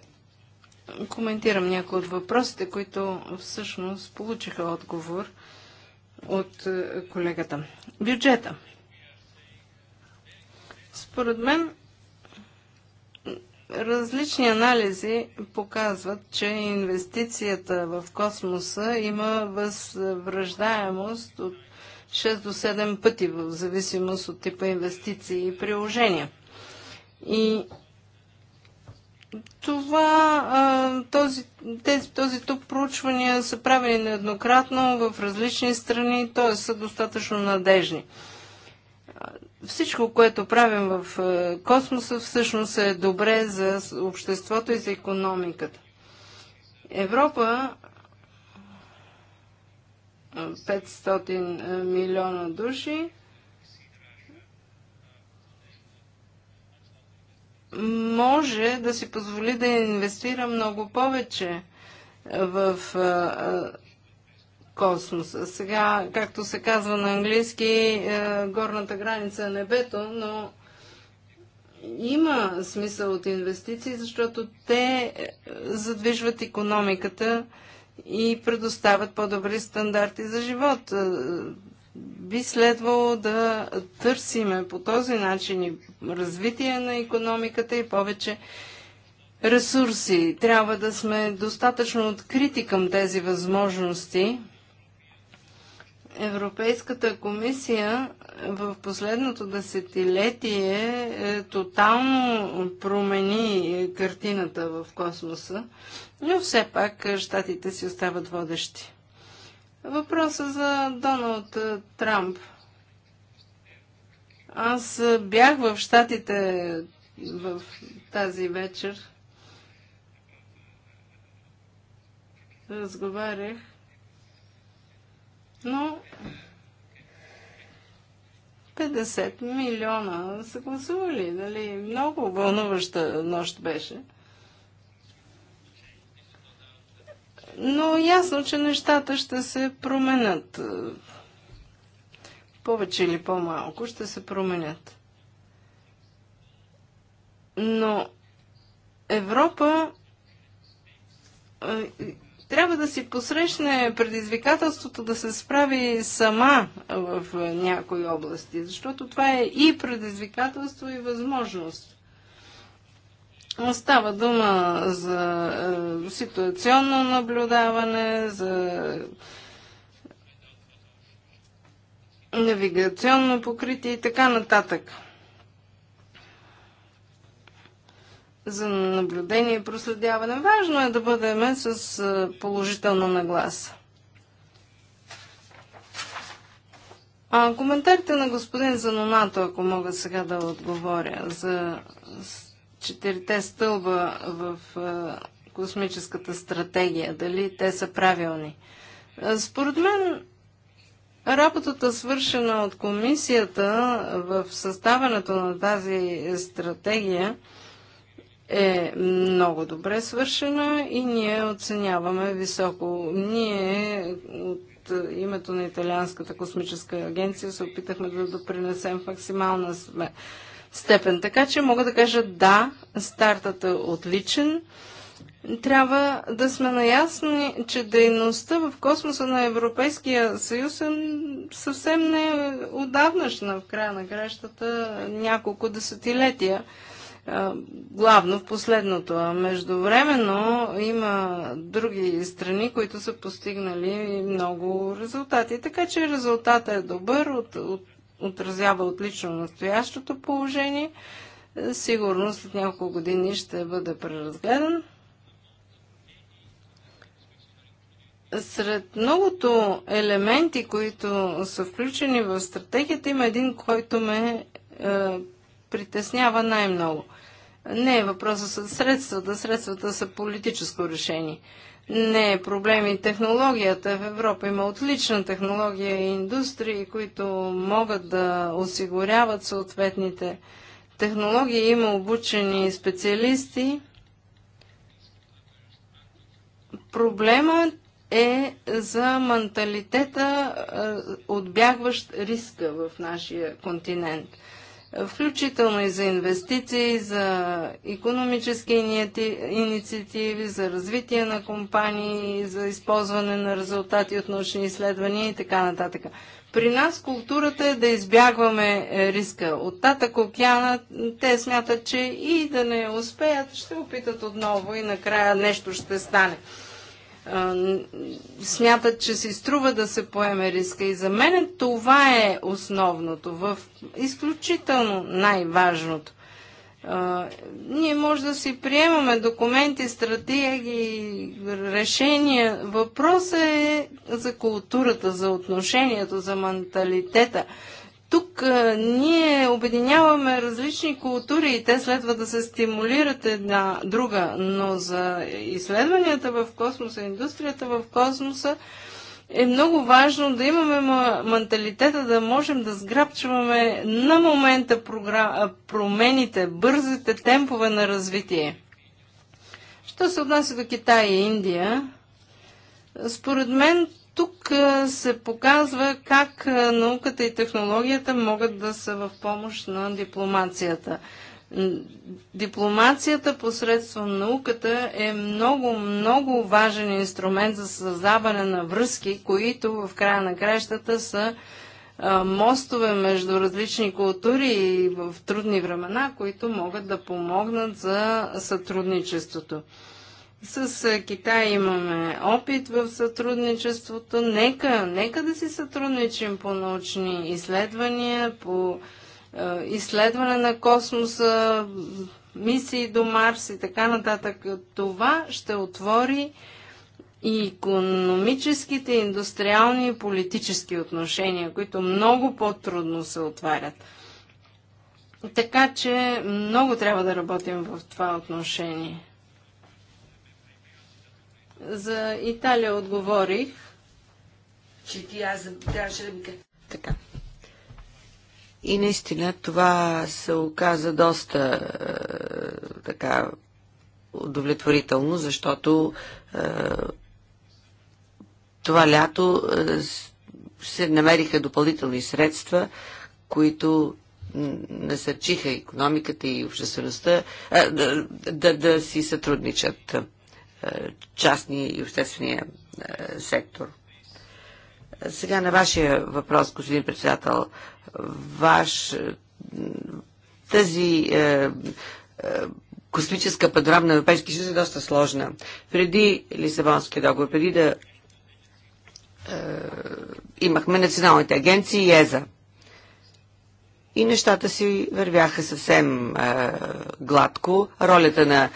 коментирам някои от въпросите, които всъщност получиха отговор от е, колегата. Бюджета. Според мен различни анализи показват, че инвестицията в космоса има възвръждаемост от 6 до 7 пъти в зависимост от типа инвестиции и приложения. И това, този, тези, този тук проучвания са правени нееднократно в различни страни, т.е. са достатъчно надежни. Всичко, което правим в космоса, всъщност е добре за обществото и за економиката. Европа 500 милиона души може да си позволи да инвестира много повече в космоса. Сега, както се казва на английски, горната граница е небето, но има смисъл от инвестиции, защото те е, задвижват економиката и предоставят по-добри стандарти за живот би следвало да търсиме по този начин и развитие на економиката и повече ресурси. Трябва да сме достатъчно открити към тези възможности. Европейската комисия в последното десетилетие е, тотално промени картината в космоса, но все пак е, щатите си остават водещи. Въпроса за Доналд е, Трамп. Аз е, бях в Штатите в тази вечер. Разговарях. Но 50 милиона са гласували, нали? Много вълнуваща нощ беше. Но ясно, че нещата ще се променят. Е, повече или по-малко ще се променят. Но Европа е, трябва да си посрещне предизвикателството да се справи сама в някои области, защото това е и предизвикателство, и възможност. Става дума за е, ситуационно наблюдаване, за навигационно покритие и така нататък. За наблюдение и проследяване. Важно е да бъдем с е, положителна нагласа. А, коментарите на господин Занонато, ако мога сега да отговоря за четирите стълба в космическата стратегия, дали те са правилни. Според мен Работата, свършена от комисията в съставането на тази стратегия, е много добре свършена и ние оценяваме високо. Ние от името на Италианската космическа агенция се опитахме да допринесем в максимална степен. Така че мога да кажа да, стартът е отличен. Трябва да сме наясни, че дейността в космоса на Европейския съюз е съвсем не отдавнашна в края на кращата няколко десетилетия главно в последното. А междувременно има други страни, които са постигнали много резултати. Така че резултатът е добър, от, от, отразява отлично настоящото положение. Сигурно след няколко години ще бъде преразгледан. Сред многото елементи, които са включени в стратегията, има един, който ме е, притеснява най-много. Не е въпроса с средствата. Средствата са политическо решение. Е, не е проблем и технологията. В Европа има отлична технология и индустрии, които могат да осигуряват съответните технологии. Има обучени специалисти. Проблемът е за менталитета, отбягващ риска в нашия континент включително и за инвестиции, за економически инициативи, за развитие на компании, за използване на резултати от научни изследвания и така нататък. При нас културата е да избягваме е, риска. От татък океана те смятат, че и да не успеят, ще опитат отново и накрая нещо ще стане смятат, че си струва да се поеме риска. И за мен това е основното, в изключително най-важното. Ние може да си приемаме документи, стратегии, решения. Въпросът е за културата, за отношението, за менталитета. Тук ние обединяваме различни култури и те следва да се стимулират една друга, но за изследванията в космоса, индустрията в космоса е много важно да имаме менталитета да можем да сграбчваме на момента промените, бързите темпове на развитие. Що се отнася до Китай и Индия, според мен тук се показва как науката и технологията могат да са в помощ на дипломацията. Дипломацията посредством науката е много, много важен инструмент за създаване на връзки, които в края на кращата са мостове между различни култури и в трудни времена, които могат да помогнат за сътрудничеството. С Китай имаме опит в сътрудничеството. Нека, нека да си сътрудничим по научни изследвания, по изследване на космоса, мисии до Марс и така нататък. Това ще отвори и економическите, индустриални и политически отношения, които много по-трудно се отварят. Така че много трябва да работим в това отношение. За Италия отговорих. Че ти аз трябваше да ми кажа. Така. И наистина това се оказа доста е, така удовлетворително, защото е, това лято е, се намериха допълнителни средства, които насърчиха економиката и обществеността е, да, да, да си сътрудничат. Е, частния и обществения е, сектор. Сега на вашия въпрос, господин председател. Ваш, е, тази е, е, космическа панорама на Европейския съюз е доста сложна. Преди Лисабонския договор, преди да е, имахме националните агенции и ЕЗА и нещата си вървяха съвсем а, е, гладко. Ролята на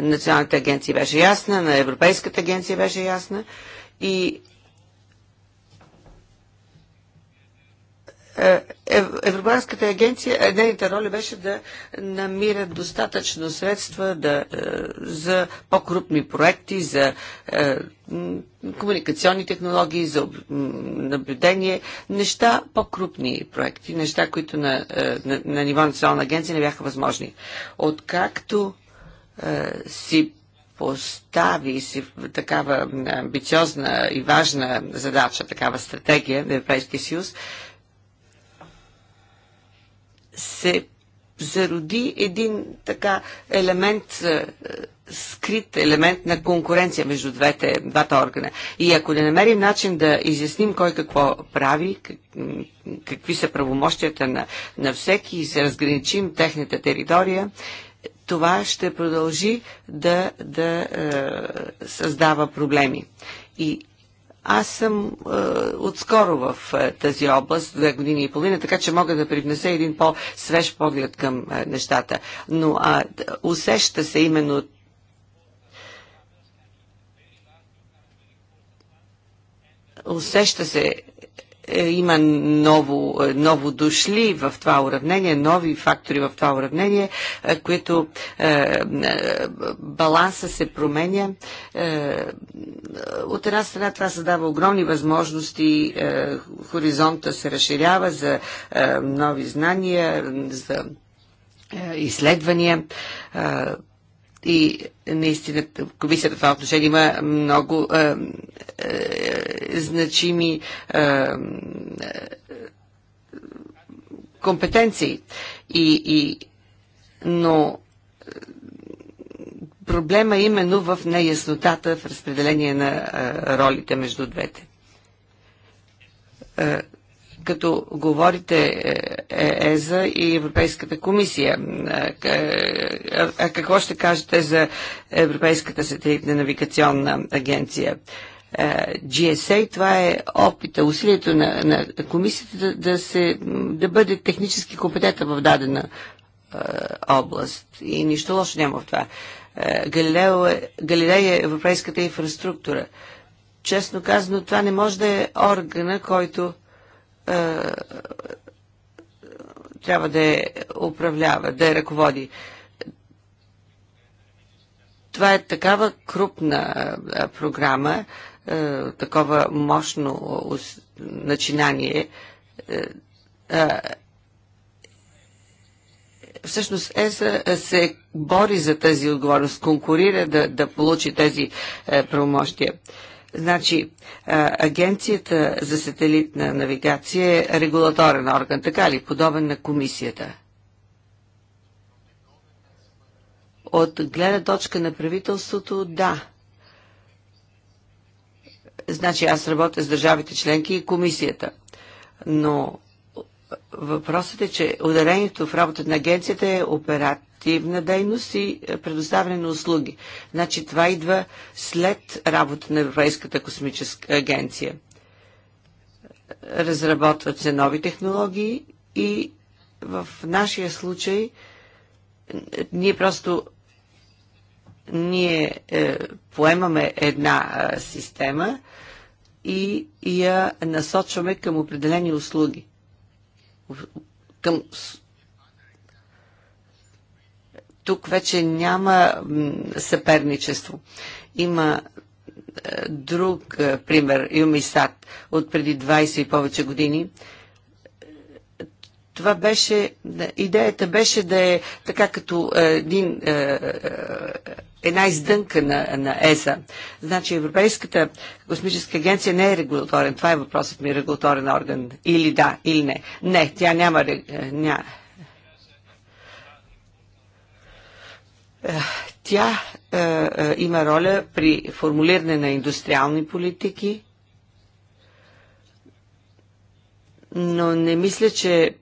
Националната агенция беше ясна, на Европейската агенция беше ясна и Е, Европейската агенция, е, нейната роля беше да намира достатъчно средства да, е, за по-крупни проекти, за комуникационни технологии, за наблюдение, неща, по-крупни проекти, неща, които на, на, на ниво национална агенция не бяха възможни. Откакто си постави си такава амбициозна и важна задача, такава стратегия на Европейския съюз, се зароди един така елемент, е, е, скрит елемент на конкуренция между двете, двата органа. И ако не намерим начин да изясним кой какво прави, какви са правомощията на, на всеки и се разграничим техната територия, това ще продължи да, да е, създава проблеми. И аз съм е, отскоро в е, тази област, две години и половина, така че мога да привнеса един по-свеж поглед към е, нещата. Но а, усеща се именно усеща се е, има ново, е, ново дошли в това уравнение, нови фактори в това уравнение, е, които баланса се променя. от една страна това създава огромни възможности, хоризонта се разширява за нови знания, за изследвания. И наистина комисията в това отношение има много е, е, значими е, е, компетенции. И, и, но е, проблема е именно в неяснотата в разпределение на е, ролите между двете. Е, като говорите ЕЗА е, е и Европейската комисия. А какво ще кажете за Европейската сателитна навигационна агенция? GSA, това е опита, усилието на, на комисията да, да, се, да бъде технически компетентна в дадена е, област. И нищо лошо няма в това. Е, е, Галилея е европейската инфраструктура. Честно казано, това не може да е органа, който е, трябва да я е управлява, да я е ръководи. Това е такава крупна програма, такова мощно начинание. Всъщност ЕСА се бори за тази отговорност, конкурира да, да получи тези правомощия. Значи, Агенцията за сателитна навигация е регулаторен орган, така ли, подобен на комисията? От гледна точка на правителството, да. Значи аз работя с държавите членки и комисията. Но въпросът е, че ударението в работата на агенцията е опера административна дейност и е, предоставяне на услуги. Значи това идва след работа на Европейската космическа агенция. Разработват се нови технологии и в нашия случай е, ние просто ние е, поемаме една е, система и, и я насочваме към определени услуги, към тук вече няма съперничество. Има е, друг е, пример, Юмисат, от преди 20 и повече години. Това беше, идеята беше да е така като е, един, една издънка на, на ЕСА. Значи Европейската космическа агенция не е регулаторен, това е въпросът ми, регулаторен орган. Или да, или не. Не, тя няма, ня, Е, тя е, е, има роля при формулиране на индустриални политики, но не мисля, че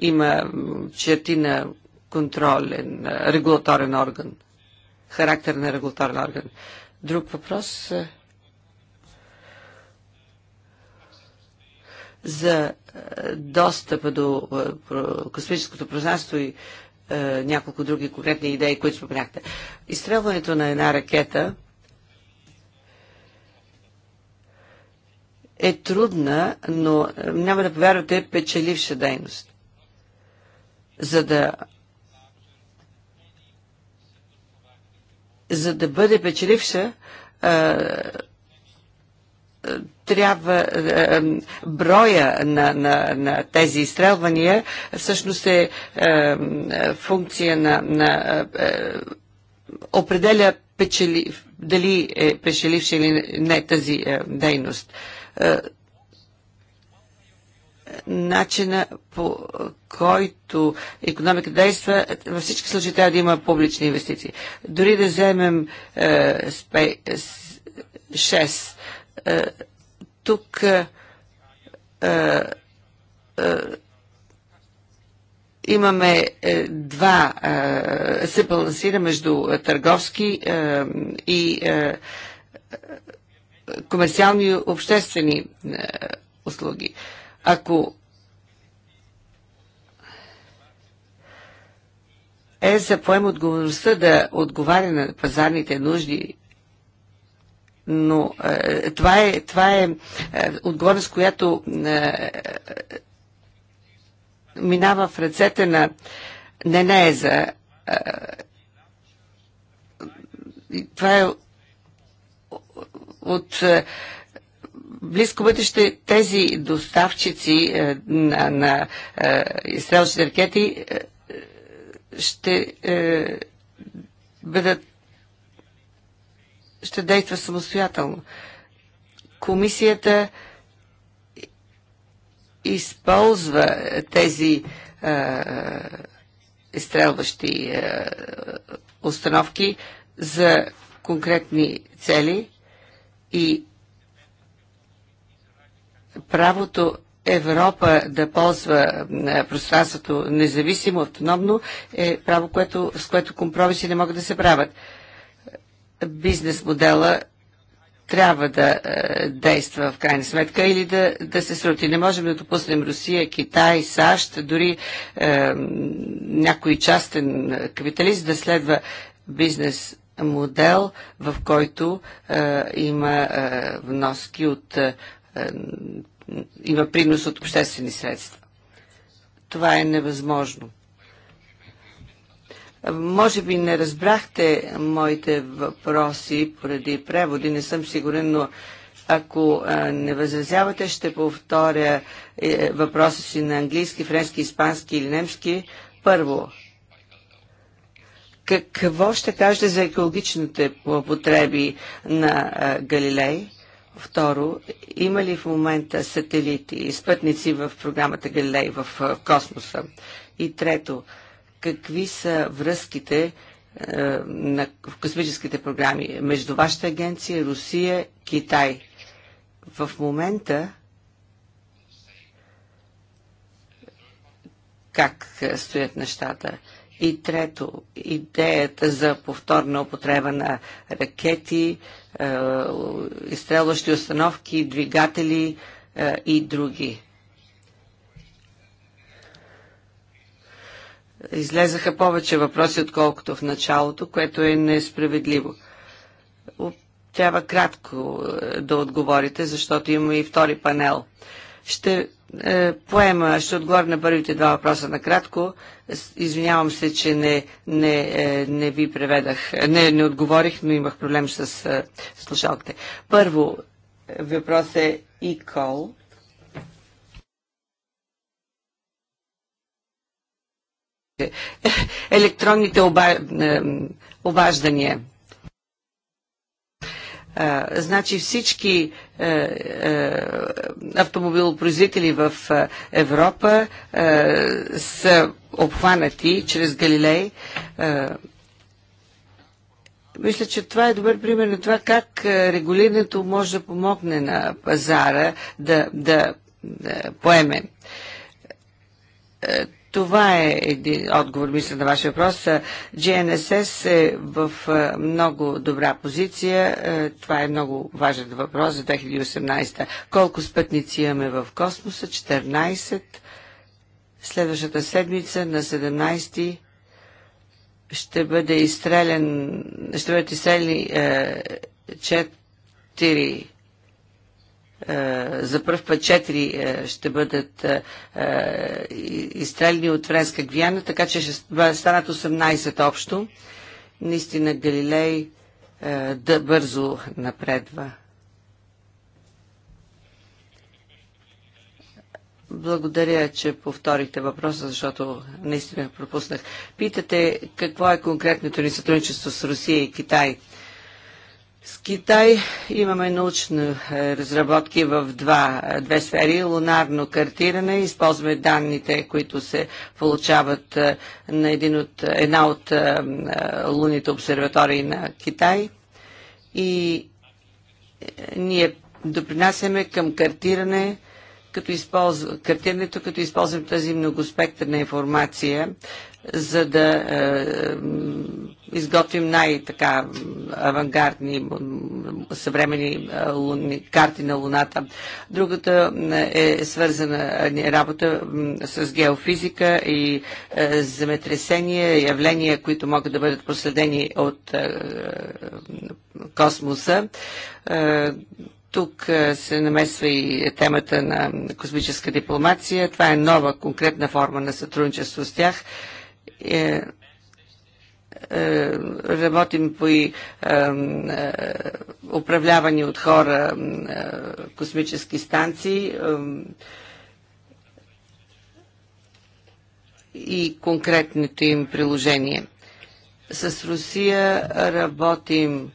има черти на контролен, регулаторен орган, характер на регулаторен орган. Друг въпрос за достъпа до космическото пространство и е, няколко други конкретни идеи, които спомняхте. Изстрелването на една ракета е трудна, но няма да повярвате, печеливша дейност. За да за да бъде печеливша, е, трябва е, е, броя на, на, на тези изстрелвания всъщност е, е функция на, на е, определя печели, дали е печеливша или не тази е, дейност. Е, начина по който економика действа, във всички случаи трябва да има публични инвестиции. Дори да вземем е, спе, 6 е, тук е, е, имаме два, се балансира между търговски и комерциални обществени услуги. Ако е за поем отговорността да отговаря на пазарните нужди но е, е, това е, това е, е отговорност, която е, е минава в ръцете на Ненеза. Е, това е от близко бъдеще тези доставчици на, на изстрелчите ракети ще бъдат ще действа самостоятелно. Комисията използва тези е, изстрелващи е, установки за конкретни цели и правото Европа да ползва пространството независимо, автономно е право, което, с което компромиси не могат да се правят бизнес модела трябва да е, действа в крайна сметка или да, да се срути. Не можем да допуснем Русия, Китай, САЩ, дори е, някой частен капиталист да следва бизнес модел, в който е, има е, вноски от. Е, е има принос от обществени средства. Това е невъзможно. Може би не разбрахте моите въпроси поради преводи, не съм сигурен, но ако не възразявате, ще повторя е, въпроса си на английски, френски, испански или немски. Първо, какво ще кажете за екологичните потреби на Галилей? Второ, има ли в момента сателити и спътници в програмата Галилей в космоса? И трето, какви са връзките е, на, в космическите програми между вашата агенция, Русия, Китай. В момента как е, стоят нещата? И трето, идеята за повторна употреба на ракети, е, изстрелващи установки, двигатели и други излезаха повече въпроси, отколкото в началото, което е несправедливо. Трябва кратко е, да отговорите, защото има и втори панел. Ще е, поема, ще отговоря на първите два въпроса накратко. Извинявам се, че не, не, е, не ви преведах, не, не отговорих, но имах проблем с е, слушалките. Първо въпрос е e-call електронните, електронните оба, е, обаждания. А, значи всички е, е, автомобилопроизводители в е, Европа е, са обхванати чрез Галилей. Е, мисля, че това е добър пример на това как е, регулирането може да помогне на пазара да, да, да поеме това е един отговор, мисля, на вашия въпрос. GNSS е в е, много добра позиция. Е, това е много важен въпрос за 2018. Колко спътници имаме в космоса? 14. Следващата седмица на 17 ще бъде изстрелен, ще бъдат изстреляни е, 4 е, за първ път четири е, ще бъдат е, изстрелени от Френска Гвиана, така че ще станат 18 общо. Наистина Галилей да бързо напредва. Благодаря, че повторихте въпроса, защото наистина пропуснах. Питате какво е конкретното ни сътрудничество с Русия и Китай. С Китай имаме научни е, разработки в два, е, две сфери. Лунарно картиране. Използваме данните, които се получават е, на един от, една от луните обсерватории на Китай. И ние допринасяме към картиране като използва, картирането, като използвам тази многоспектърна информация, за да е, изготвим най-така авангардни съвремени е, луни, карти на Луната. Другата е свързана е, работа с геофизика и е, земетресения, явления, които могат да бъдат проследени от е, е космоса. Е, тук се намесва и темата на космическа дипломация. Това е нова конкретна форма на сътрудничество с тях. Е, е, работим по и е, управлявани от хора космически станции и конкретното им приложение. С Русия работим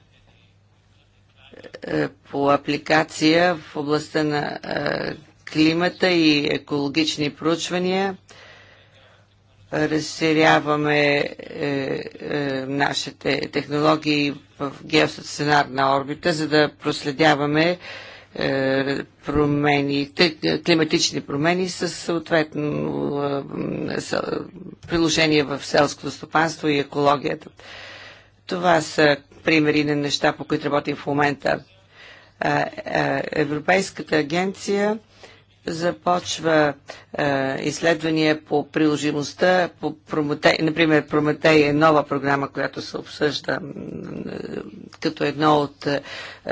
е, по апликация в областта на е, климата и екологични проучвания. Разширяваме е, нашите технологии в геостационарна орбита, за да проследяваме промени, климатични промени с съответно приложение в селското стопанство и екологията. Това са примери на неща, по които работим в момента. Европейската агенция започва е, изследвания по приложимостта, по Прометей, например, Прометей е нова програма, която се обсъжда е, като едно от е,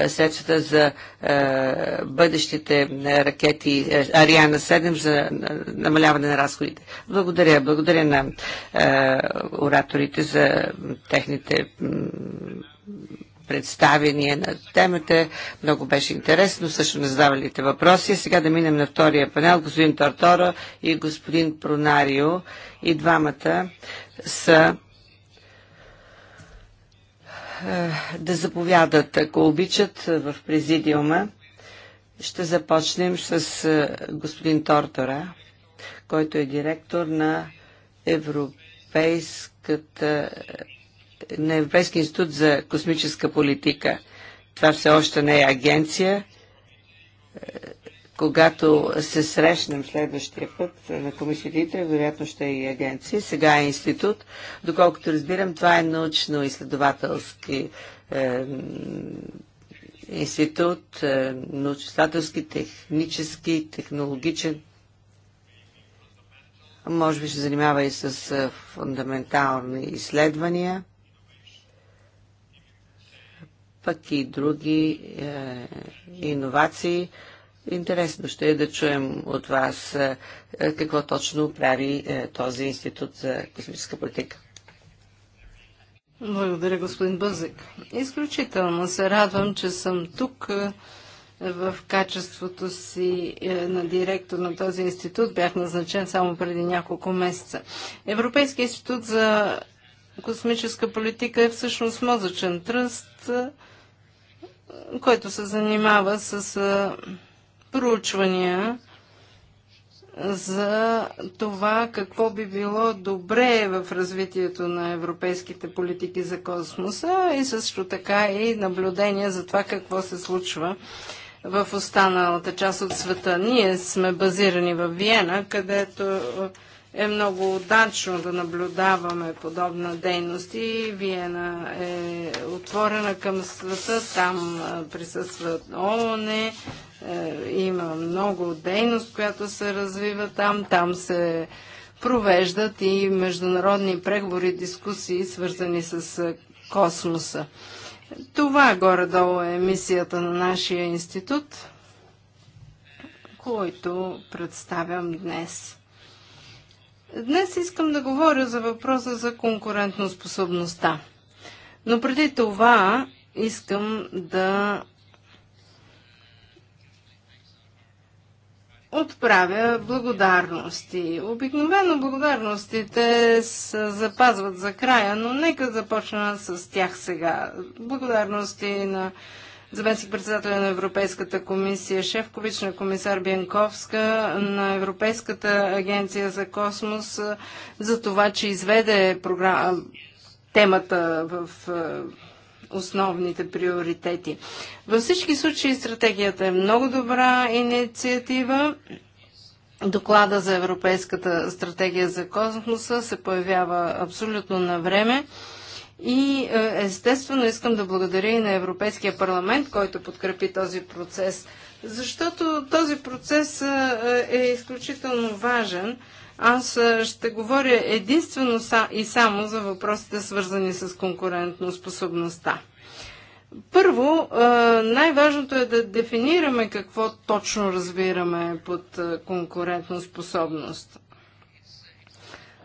средствата за е, бъдещите ракети Ариана 7 за намаляване на разходите. Благодаря, благодаря на е, ораторите за техните Представения на темата. Много беше интересно, също не задавалите въпроси. Сега да минем на втория панел. Господин Тарторо и господин Пронарио и двамата са е, да заповядат, ако обичат, в президиума. Ще започнем с е, господин Тортора, който е директор на Европейската на Европейския институт за космическа политика. Това все още не е агенция. Е, когато се срещнем следващия път на комисията, вероятно ще е и агенция. Сега е институт. Доколкото разбирам, това е научно-изследователски е, институт, е, научно-изследователски, технически, технологичен може би ще занимава и с е, фундаментални изследвания пък и други е, иновации. Интересно ще е да чуем от вас е, е какво точно прави е, този институт за космическа политика. Благодаря, господин Бъзик. Изключително се радвам, че съм тук е, в качеството си е, на директор на този институт. Бях назначен само преди няколко месеца. Европейския институт за космическа политика е всъщност мозъчен тръст който се занимава с проучвания за това какво би било добре в развитието на европейските политики за космоса и също така и наблюдения за това какво се случва в останалата част от света. Ние сме базирани в Виена, където е много удачно да наблюдаваме подобна дейност и Виена е отворена към света, там присъстват ООН, е, има много дейност, която се развива там, там се провеждат и международни преговори, дискусии, свързани с космоса. Това горе-долу е мисията на нашия институт, който представям днес. Днес искам да говоря за въпроса за конкурентноспособността. Но преди това искам да отправя благодарности. Обикновено благодарностите се запазват за края, но нека започна с тях сега. Благодарности на заместник председателя на Европейската комисия Шефкович, на комисар Бянковска, на Европейската агенция за космос за това, че изведе програма, темата в основните приоритети. Във всички случаи стратегията е много добра инициатива. Доклада за Европейската стратегия за космоса се появява абсолютно на време. И е, естествено искам да благодаря и на Европейския парламент, който подкрепи този процес, защото този процес е, е изключително важен. Аз е, ще говоря единствено и само за въпросите, свързани с способността. Първо, най-важното е да дефинираме какво точно разбираме под конкурентоспособност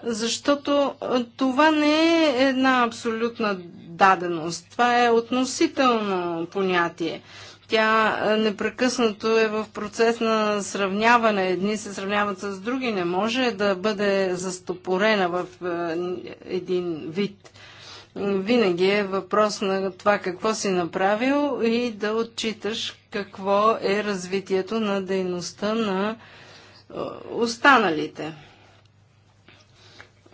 защото това не е една абсолютна даденост. Това е относително понятие. Тя непрекъснато е в процес на сравняване. Едни се сравняват с други. Не може да бъде застопорена в един вид. Винаги е въпрос на това какво си направил и да отчиташ какво е развитието на дейността на останалите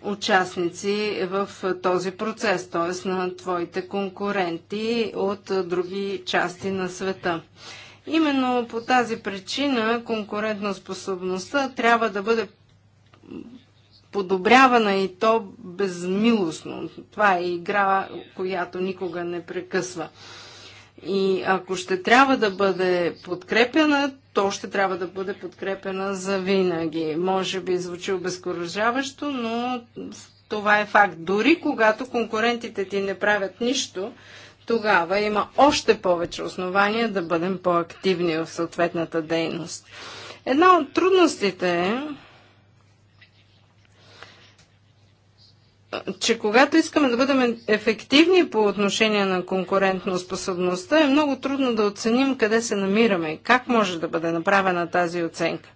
участници в този процес, т.е. на твоите конкуренти от други части на света. Именно по тази причина конкурентоспособността трябва да бъде подобрявана и то безмилостно. Това е игра, която никога не прекъсва. И ако ще трябва да бъде подкрепена, то ще трябва да бъде подкрепена за винаги. Може би звучи обезкуражаващо, но това е факт. Дори когато конкурентите ти не правят нищо, тогава има още повече основания да бъдем по-активни в съответната дейност. Една от трудностите е, че когато искаме да бъдем ефективни по отношение на конкурентно способността, е много трудно да оценим къде се намираме, и как може да бъде направена тази оценка.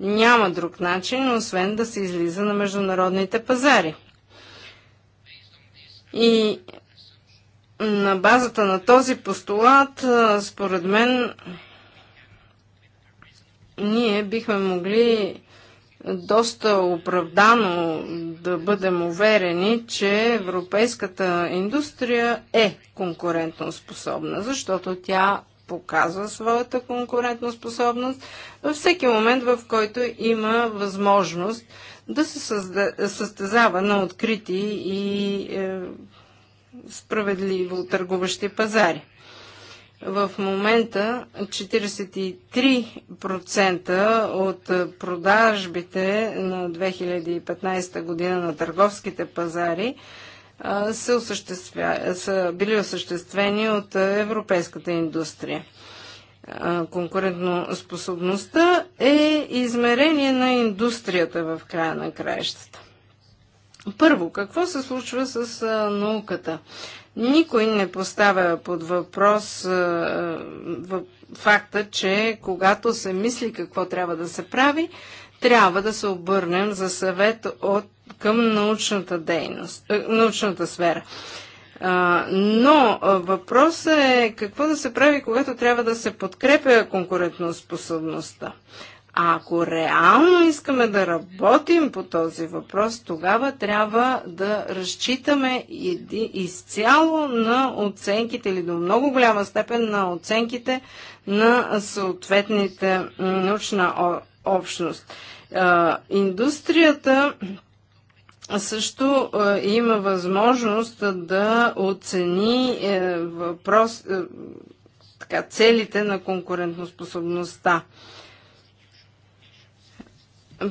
Няма друг начин, освен да се излиза на международните пазари. И на базата на този постулат, според мен, ние бихме могли доста оправдано да бъдем уверени, че европейската индустрия е конкурентно способна, защото тя показва своята конкурентна способност във всеки момент, в който има възможност да се състезава на открити и е, справедливо търгуващи пазари. В момента 43% от продажбите на 2015 година на търговските пазари са, осъществя... са били осъществени от европейската индустрия. Конкурентно способността е измерение на индустрията в края на краищата. Първо, какво се случва с науката? Никой не поставя под въпрос факта, че когато се мисли какво трябва да се прави, трябва да се обърнем за съвет от, към научната дейност, научната сфера. Но въпросът е какво да се прави, когато трябва да се подкрепя конкурентоспособността. А ако реално искаме да работим по този въпрос, тогава трябва да разчитаме изцяло на оценките или до много голяма степен на оценките на съответните научна общност. Индустрията също има възможност да оцени е, въпрос, е, така, целите на конкурентоспособността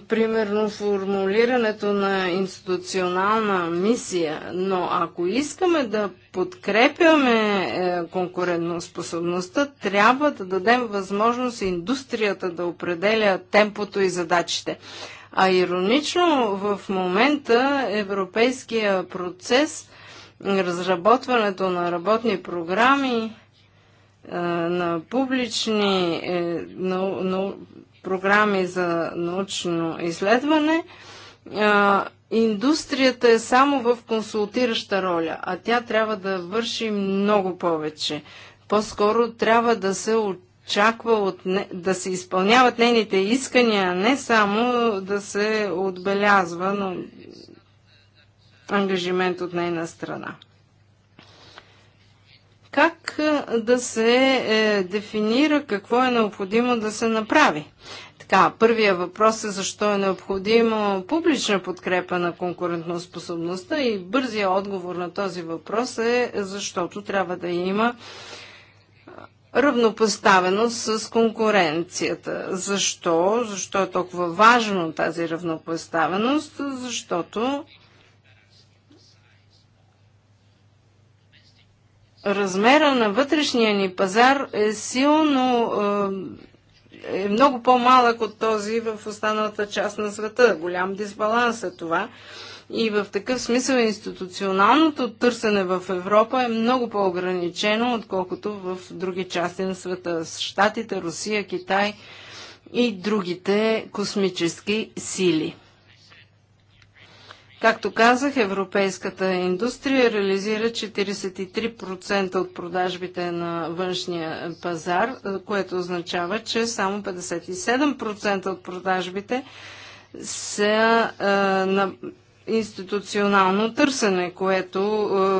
примерно формулирането на институционална мисия, но ако искаме да подкрепяме е, конкурентоспособността, трябва да дадем възможност индустрията да определя темпото и задачите. А иронично в момента европейския процес, разработването на работни програми, е, на публични на, е, на програми за научно изследване, индустрията е само в консултираща роля, а тя трябва да върши много повече. По-скоро трябва да се очаква от не, да се изпълняват нейните искания, не само да се отбелязва но ангажимент от нейна страна как да се е, дефинира какво е необходимо да се направи. Така, първия въпрос е защо е необходима публична подкрепа на конкурентоспособността и бързия отговор на този въпрос е защото трябва да има равнопоставеност с конкуренцията. Защо? Защо е толкова важно тази равнопоставеност? Защото размера на вътрешния ни пазар е силно е, е много по-малък от този в останалата част на света. Голям дисбаланс е това. И в такъв смисъл институционалното търсене в Европа е много по-ограничено, отколкото в други части на света. Штатите, Русия, Китай и другите космически сили. Както казах, европейската индустрия реализира 43% от продажбите на външния пазар, което означава, че само 57% от продажбите са на институционално търсене, което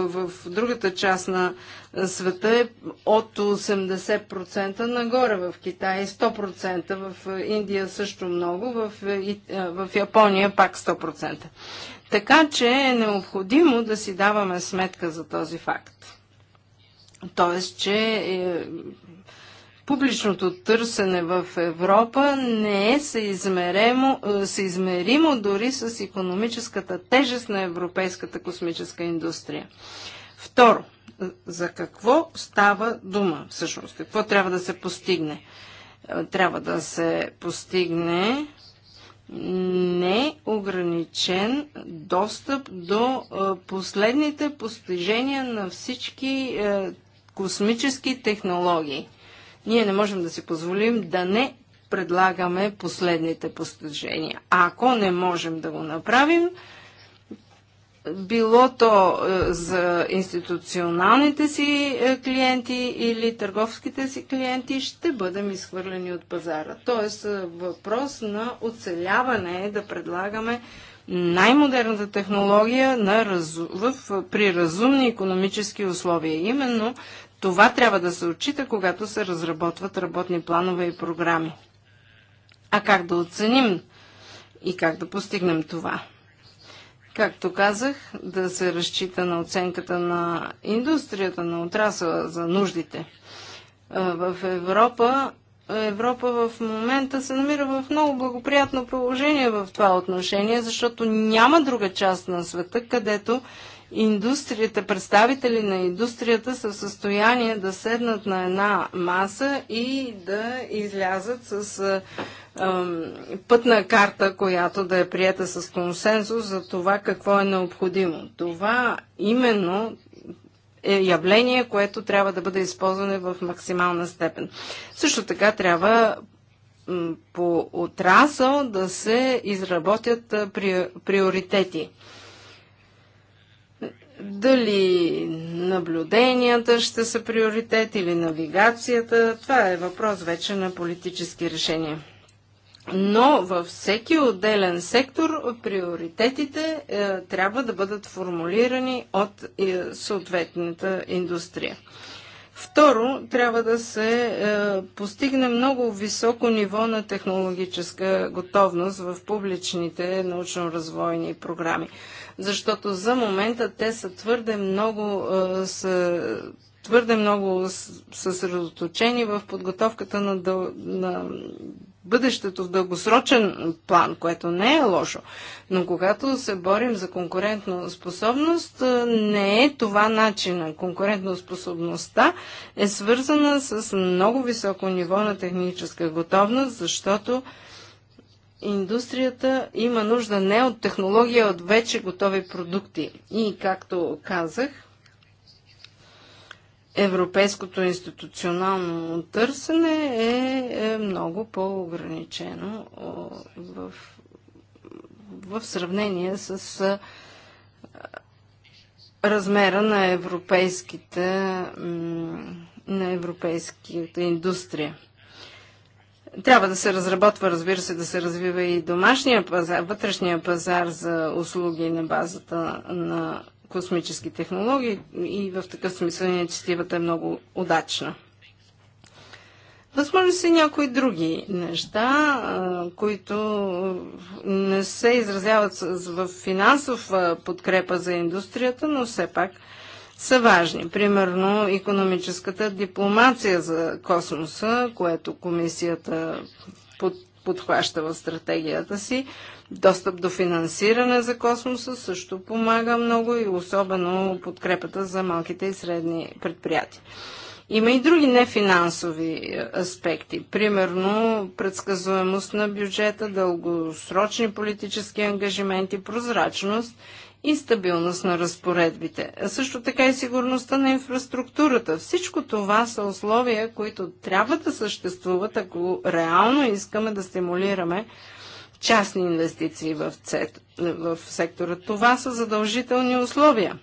в другата част на света е от 80% нагоре. В Китай 100%, е в Индия също много, в, в Япония пак 100%. Така че е необходимо да си даваме сметка за този факт. Тоест, че е, публичното търсене в Европа не е съизмеримо, е, съизмеримо дори с економическата тежест на европейската космическа индустрия. Второ, е, за какво става дума всъщност? Какво трябва да се постигне? Е, трябва да се постигне неограничен достъп до последните постижения на всички космически технологии. Ние не можем да си позволим да не предлагаме последните постижения. Ако не можем да го направим, било то е, за институционалните си е, клиенти или търговските си клиенти, ще бъдем изхвърлени от пазара. Тоест е, въпрос на оцеляване е да предлагаме най-модерната технология на разу... в... при разумни економически условия. Именно това трябва да се отчита, когато се разработват работни планове и програми. А как да оценим и как да постигнем това? Както казах, да се разчита на оценката на индустрията, на отрасъла за нуждите. В Европа Европа в момента се намира в много благоприятно положение в това отношение, защото няма друга част на света, където индустрията, представители на индустрията са в състояние да седнат на една маса и да излязат с пътна карта, която да е приета с консенсус за това какво е необходимо. Това именно е явление, което трябва да бъде използване в максимална степен. Също така трябва по отрасъл да се изработят приоритети дали наблюденията ще са приоритет или навигацията, това е въпрос вече на политически решения но във всеки отделен сектор приоритетите е, трябва да бъдат формулирани от е, съответната индустрия. Второ, трябва да се е, постигне много високо ниво на технологическа готовност в публичните научно-развойни програми, защото за момента те са твърде много, е, са, твърде много съсредоточени в подготовката на, дъл, на бъдещето в дългосрочен план, което не е лошо. Но когато се борим за конкурентна способност, не е това начина. Конкурентна способността е свързана с много високо ниво на техническа готовност, защото индустрията има нужда не от технология, а от вече готови продукти. И, както казах, европейското институционално търсене е, е много по-ограничено в, в сравнение с размера на европейските на европейската индустрия. Трябва да се разработва, разбира се, да се развива и домашния пазар, вътрешния пазар за услуги на базата на космически технологии и в такъв смисъл инициативата е много удачна. Възможно са и някои други неща, които не се изразяват в финансов подкрепа за индустрията, но все пак са важни. Примерно економическата дипломация за космоса, което комисията под подхваща в стратегията си. Достъп до финансиране за космоса също помага много и особено подкрепата за малките и средни предприятия. Има и други нефинансови е, аспекти. Примерно, предсказуемост на бюджета, дългосрочни политически ангажименти, прозрачност и стабилност на разпоредбите, а също така и сигурността на инфраструктурата. Всичко това са условия, които трябва да съществуват, ако реално искаме да стимулираме частни инвестиции в, цет, в сектора. Това са задължителни условия.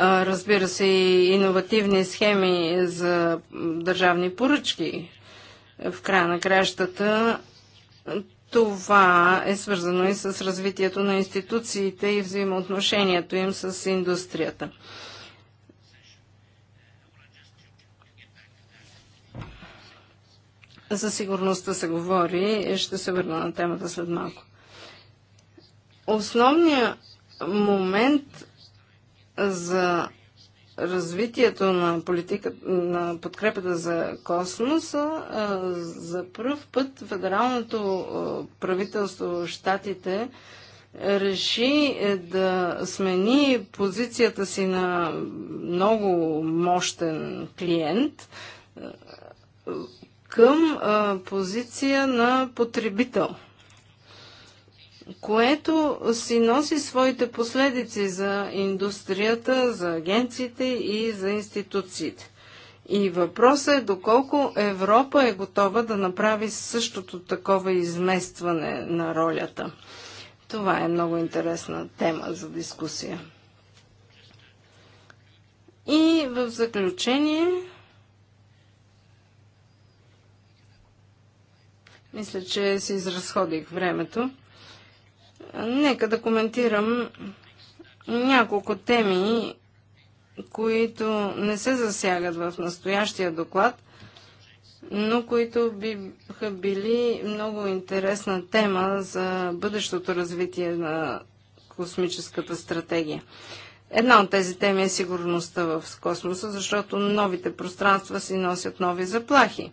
разбира се, и иновативни схеми за държавни поръчки. В края на кращата това е свързано и с развитието на институциите и взаимоотношението им с индустрията. За сигурността се говори. и Ще се върна на темата след малко. Основният момент за развитието на политика на подкрепата за космоса, за първ път федералното правителство в Штатите реши е, да смени позицията си на много мощен клиент към позиция на потребител – което си носи своите последици за индустрията, за агенциите и за институциите. И въпросът е доколко Европа е готова да направи същото такова изместване на ролята. Това е много интересна тема за дискусия. И в заключение мисля, че си изразходих времето. Нека да коментирам няколко теми, които не се засягат в настоящия доклад, но които биха били много интересна тема за бъдещото развитие на космическата стратегия. Една от тези теми е сигурността в космоса, защото новите пространства си носят нови заплахи.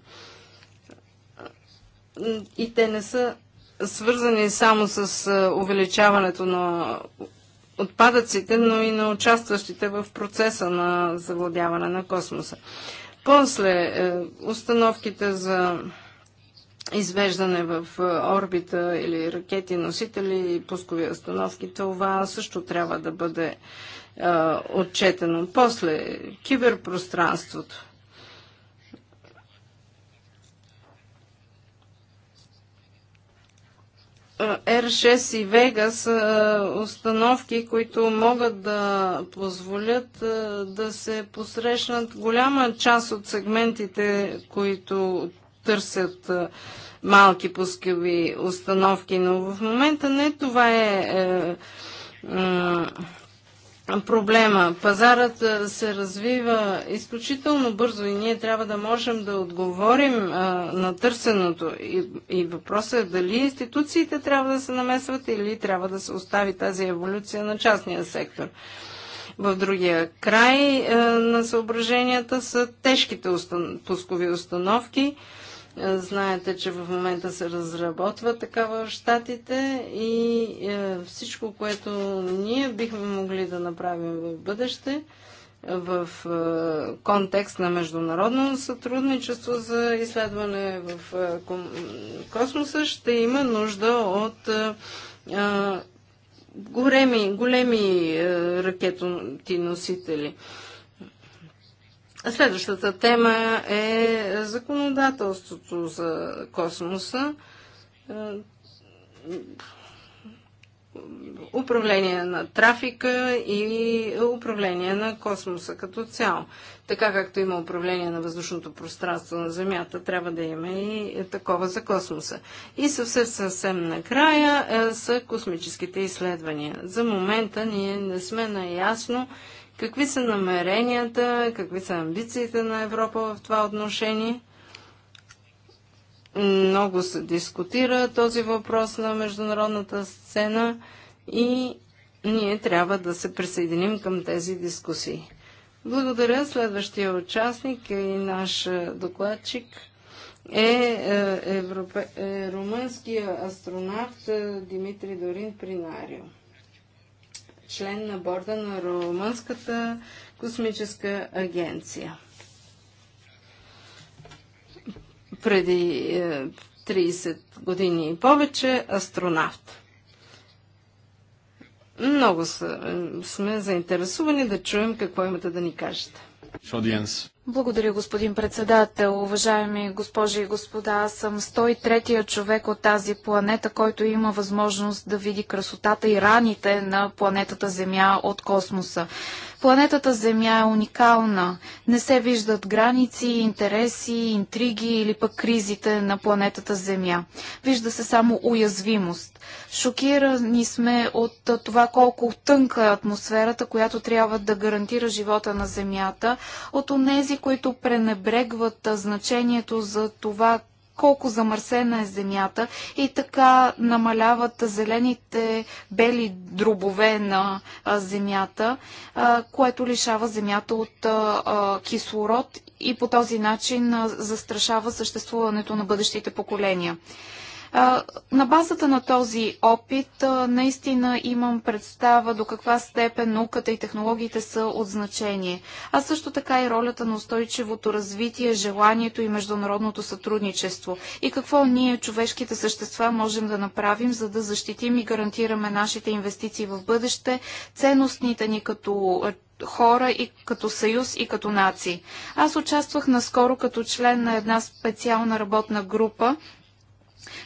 И те не са свързани само с е, увеличаването на отпадъците, но и на участващите в процеса на завладяване на космоса. После е, установките за извеждане в е, орбита или ракети, носители и пускови установки, това също трябва да бъде отчетено. После киберпространството. R6 и Vega са установки, които могат да позволят да се посрещнат голяма част от сегментите, които търсят малки пускави установки, но в момента не това е, е, е проблема. Пазарът се развива изключително бързо и ние трябва да можем да отговорим а, на търсеното. И, и въпросът е дали институциите трябва да се намесват или трябва да се остави тази еволюция на частния сектор. В другия край а, на съображенията са тежките устан... пускови установки. А, Знаете, че в момента се разработва такава в Штатите и е, всичко, което ние бихме могли да направим в бъдеще, в е, контекст на международно сътрудничество за изследване в е, космоса, ще има нужда от големи, големи ракетоносители. носители. Следващата тема е законодателството за космоса управление на трафика и управление на космоса като цяло. Така както има управление на въздушното пространство на Земята, трябва да има и такова за космоса. И съвсем съвсем накрая е, са космическите изследвания. За момента ние не сме наясно Какви са намеренията, какви са амбициите на Европа в това отношение? Много се дискутира този въпрос на международната сцена и ние трябва да се присъединим към тези дискусии. Благодаря. Следващия участник е и наш е, докладчик е, е европе... румънския астронавт Димитри Дорин Принарио член на борда на Румънската космическа агенция. Преди 30 е, години и повече астронавт. Много сме заинтересувани да чуем какво имате да ни кажете. Шодиенс. Благодаря, господин председател. Уважаеми госпожи и господа, аз съм 103-я човек от тази планета, който има възможност да види красотата и раните на планетата Земя от космоса. Планетата Земя е уникална. Не се виждат граници, интереси, интриги или пък кризите на планетата Земя. Вижда се само уязвимост. Шокирани сме от това колко тънка е атмосферата, която трябва да гарантира живота на Земята, от онези, които пренебрегват значението за това колко замърсена е земята и така намаляват зелените бели дробове на земята, което лишава земята от кислород и по този начин застрашава съществуването на бъдещите поколения. На базата на този опит наистина имам представа до каква степен науката и технологиите са от значение, а също така и ролята на устойчивото развитие, желанието и международното сътрудничество и какво ние, човешките същества, можем да направим, за да защитим и гарантираме нашите инвестиции в бъдеще, ценностните ни като хора и като съюз и като нации. Аз участвах наскоро като член на една специална работна група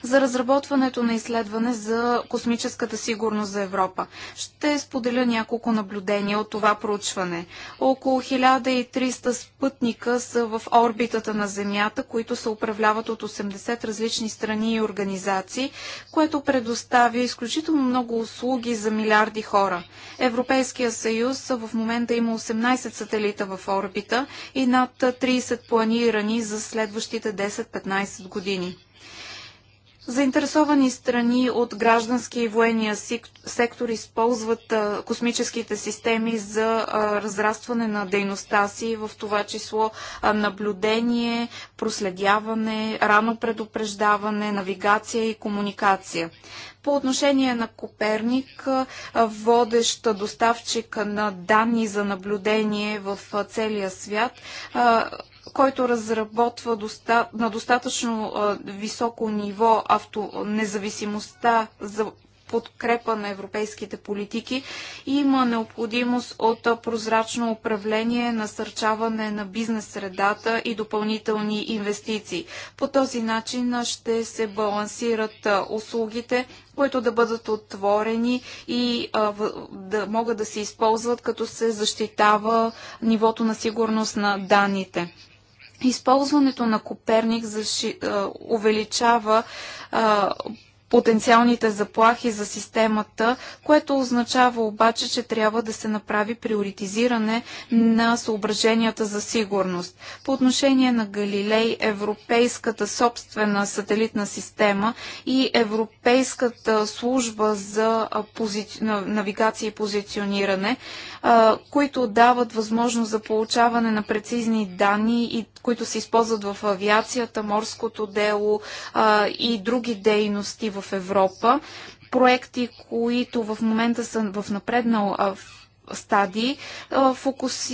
за разработването на изследване за космическата сигурност за Европа. Ще споделя няколко наблюдения от това проучване. Около 1300 спътника са в орбитата на Земята, които се управляват от 80 различни страни и организации, което предоставя изключително много услуги за милиарди хора. Европейския съюз в момента има 18 сателита в орбита и над 30 планирани за следващите 10-15 години. Заинтересовани страни от граждански и военния сектор използват космическите системи за разрастване на дейността си, в това число наблюдение, проследяване, рано предупреждаване, навигация и комуникация. По отношение на Коперник, водещ доставчик на данни за наблюдение в целия свят, който разработва доста, на достатъчно а, високо ниво авто, независимостта за подкрепа на европейските политики и има необходимост от прозрачно управление, насърчаване на бизнес средата и допълнителни инвестиции. По този начин ще се балансират услугите, които да бъдат отворени и да могат да се използват, като се защитава нивото на сигурност на данните. Използването на Коперник за, е, увеличава е, потенциалните заплахи за системата, което означава обаче, че трябва да се направи приоритизиране на съображенията за сигурност. По отношение на Галилей, Европейската собствена сателитна система и Европейската служба за пози... навигация и позициониране, които дават възможност за получаване на прецизни данни и които се използват в авиацията, морското дело и други дейности в в Европа. Проекти, които в момента са в напреднал стадии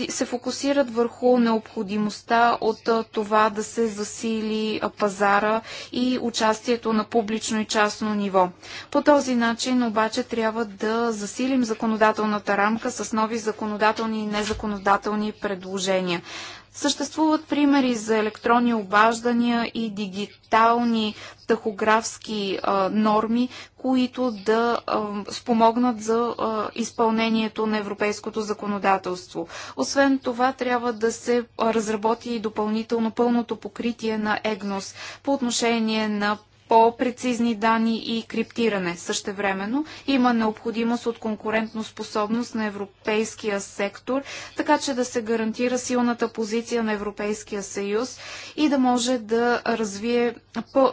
се фокусират върху необходимостта от това да се засили пазара и участието на публично и частно ниво. По този начин обаче трябва да засилим законодателната рамка с нови законодателни и незаконодателни предложения. Съществуват примери за електронни обаждания и дигитални тахографски а, норми, които да а, спомогнат за а, изпълнението на европейското законодателство. Освен това, трябва да се разработи и допълнително пълното покритие на ЕГНОС по отношение на по-прецизни данни и криптиране. Същевременно има необходимост от конкурентно способност на европейския сектор, така че да се гарантира силната позиция на Европейския съюз и да може да развие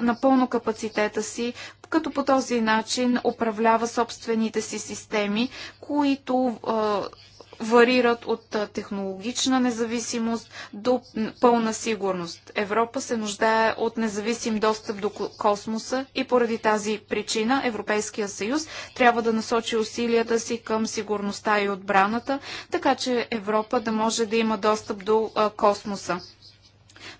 напълно капацитета си, като по този начин управлява собствените си системи, които варират от технологична независимост до пълна сигурност. Европа се нуждае от независим достъп до космоса и поради тази причина Европейския съюз трябва да насочи усилията си към сигурността и отбраната, така че Европа да може да има достъп до космоса.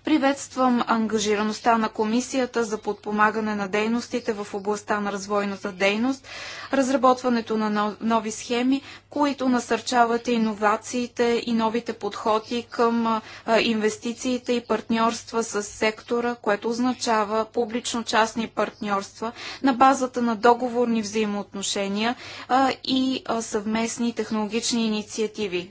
Приветствам ангажираността на комисията за подпомагане на дейностите в областта на развойната дейност, разработването на нови схеми, които насърчават иновациите и новите подходи към инвестициите и партньорства с сектора, което означава публично-частни партньорства на базата на договорни взаимоотношения и съвместни технологични инициативи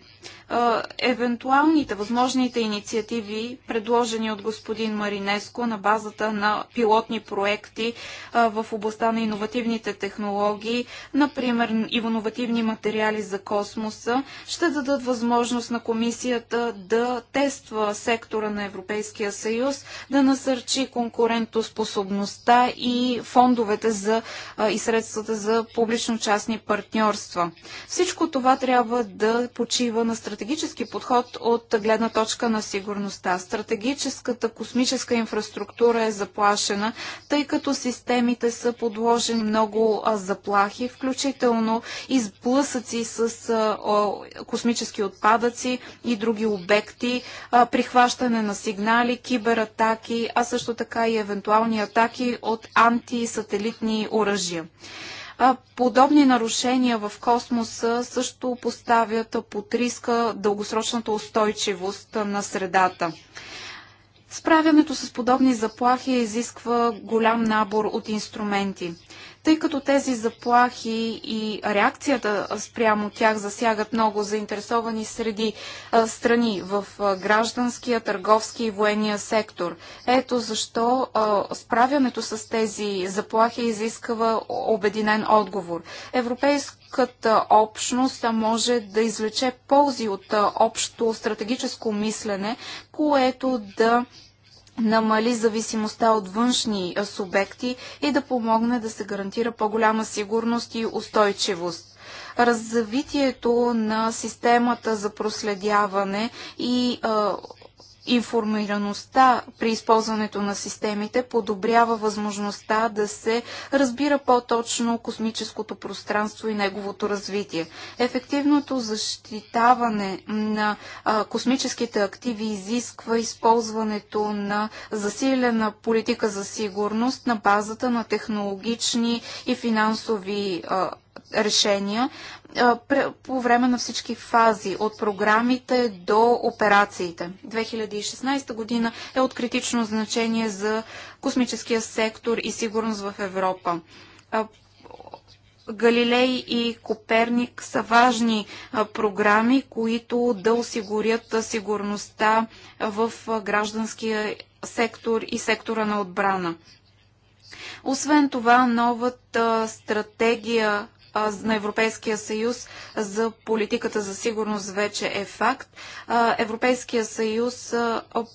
евентуалните възможните инициативи, предложени от господин Маринеско на базата на пилотни проекти в областта на иновативните технологии, например иновативни материали за космоса, ще дадат възможност на комисията да тества сектора на Европейския съюз, да насърчи конкурентоспособността и фондовете за, и средствата за публично-частни партньорства. Всичко това трябва да почива на стратегията стратегически подход от гледна точка на сигурността. Стратегическата космическа инфраструктура е заплашена, тъй като системите са подложени много заплахи, включително изблъсъци с космически отпадъци и други обекти, прихващане на сигнали, кибератаки, а също така и евентуални атаки от антисателитни оръжия. Подобни нарушения в космоса също поставят под риска дългосрочната устойчивост на средата. Справянето с подобни заплахи изисква голям набор от инструменти тъй като тези заплахи и реакцията спрямо тях засягат много заинтересовани среди а, страни в а, гражданския, търговски и военния сектор. Ето защо а, справянето с тези заплахи изисква обединен отговор. Европейската общност може да извлече ползи от общо стратегическо мислене, което да намали зависимостта от външни субекти и да помогне да се гарантира по-голяма сигурност и устойчивост развитието на системата за проследяване и а, Информираността при използването на системите подобрява възможността да се разбира по-точно космическото пространство и неговото развитие. Ефективното защитаване на а, космическите активи изисква използването на засилена политика за сигурност на базата на технологични и финансови а, решения по време на всички фази, от програмите до операциите. 2016 година е от критично значение за космическия сектор и сигурност в Европа. Галилей и Коперник са важни програми, които да осигурят сигурността в гражданския сектор и сектора на отбрана. Освен това, новата стратегия на Европейския съюз за политиката за сигурност вече е факт. Европейския съюз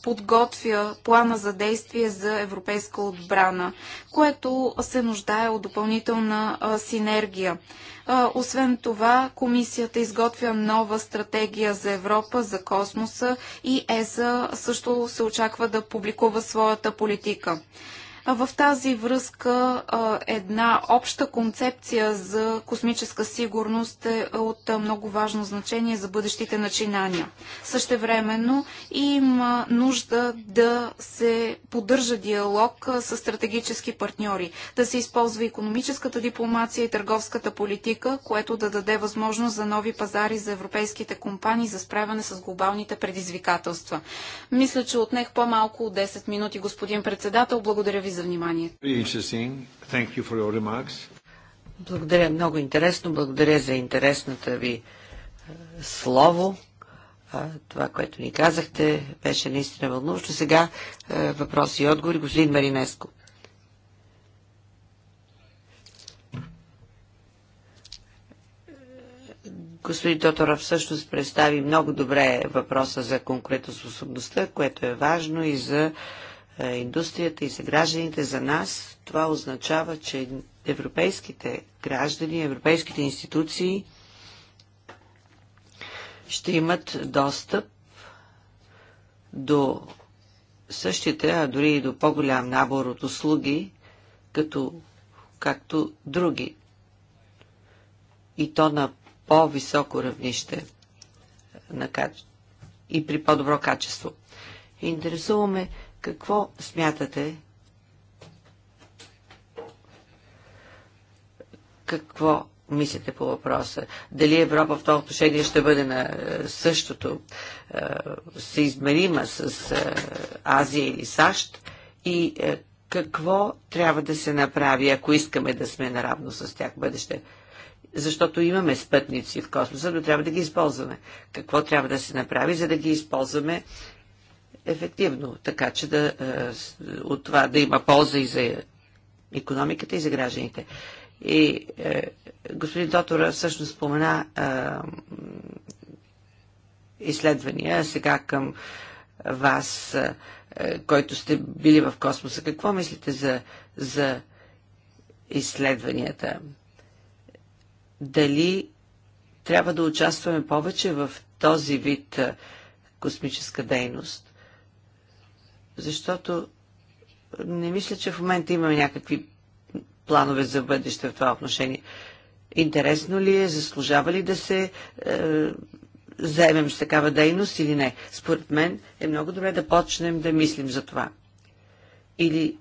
подготвя плана за действие за европейска отбрана, което се нуждае от допълнителна синергия. Освен това, комисията изготвя нова стратегия за Европа, за космоса и ЕСА също се очаква да публикува своята политика. В тази връзка една обща концепция за космическа сигурност е от много важно значение за бъдещите начинания. Същевременно има нужда да се поддържа диалог с стратегически партньори, да се използва економическата дипломация и търговската политика, което да даде възможност за нови пазари за европейските компании за справяне с глобалните предизвикателства. Мисля, че отнех по-малко от 10 минути, господин председател. Благодаря ви за за вниманието. Благодаря, много интересно. Благодаря за интересната ви е, слово. Това, което ни казахте, беше наистина вълнуващо. Сега е, въпроси и отговори. Господин Маринеско. Господин Тоторов всъщност представи много добре въпроса за конкурентоспособността, което е важно и за е, индустрията и за гражданите, за нас, това означава, че европейските граждани, европейските институции ще имат достъп до същите, а дори и до по-голям набор от услуги, като, както други. И то на по-високо равнище на, и при по-добро качество. Интересуваме какво смятате? Какво мислите по въпроса? Дали Европа в това отношение ще бъде на е, същото е, съизмерима с е, Азия или САЩ? И какво трябва да се направи, ако искаме да сме наравно с тях в бъдеще? Защото имаме спътници в космоса, но трябва да ги използваме. Какво трябва да се направи, за да ги използваме ефективно, така че да, е, от това да има полза и за економиката и за гражданите. И е, господин Тотора всъщност спомена е, изследвания сега към вас, е, който сте били в космоса. Какво мислите за, за изследванията? Дали трябва да участваме повече в този вид е, космическа дейност? защото не мисля, че в момента имаме някакви планове за бъдеще в това отношение. Интересно ли е, заслужава ли да се е, заемем с такава дейност или не? Според мен е много добре да почнем да мислим за това. Или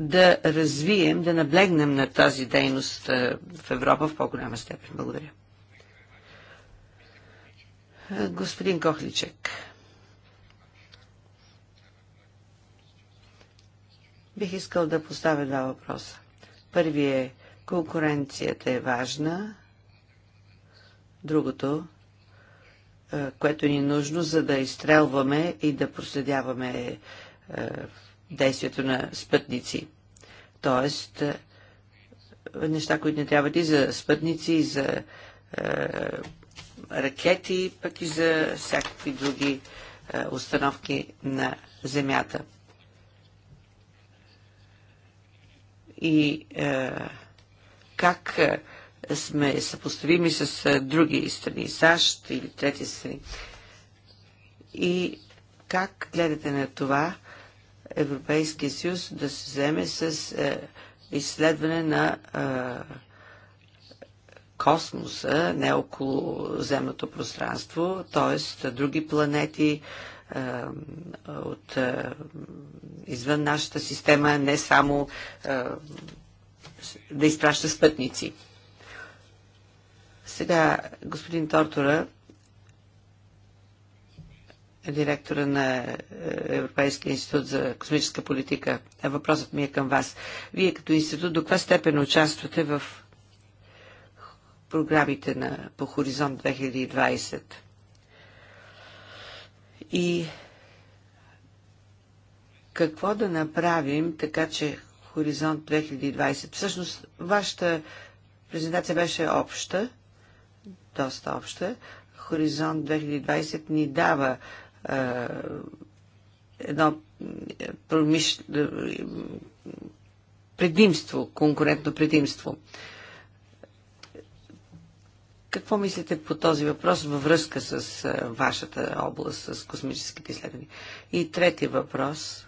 да развием, да наблегнем на тази дейност е, в Европа в по-голяма степен. Благодаря. Е, господин Кохличек. Бих искал да поставя два въпроса. Първият е конкуренцията е важна. Другото, е, което ни е нужно, за да изстрелваме и да проследяваме е, действието на спътници. Тоест, е, неща, които не трябват и за спътници, и за е, ракети, пък и за всякакви други е, установки на Земята. и е, как е, сме съпоставими с е, други страни, САЩ или трети страни. И как гледате на това Европейския съюз да се вземе с е, изследване на е, космоса, не около земното пространство, т.е. други планети, е, от, извън нашата система, не само да изпраща спътници. Сега господин Тортора, директора на е, Европейския институт за космическа политика, въпросът ми е към вас. Вие като институт до каква степен участвате в програмите на, по Хоризонт 2020? И какво да направим, така че Хоризонт 2020. Всъщност, вашата презентация беше обща, доста обща. Хоризонт 2020 ни дава е, едно промиш... Е, предимство, конкурентно предимство. Е, какво мислите по този въпрос във връзка с вашата област, с космическите изследвания? И трети въпрос.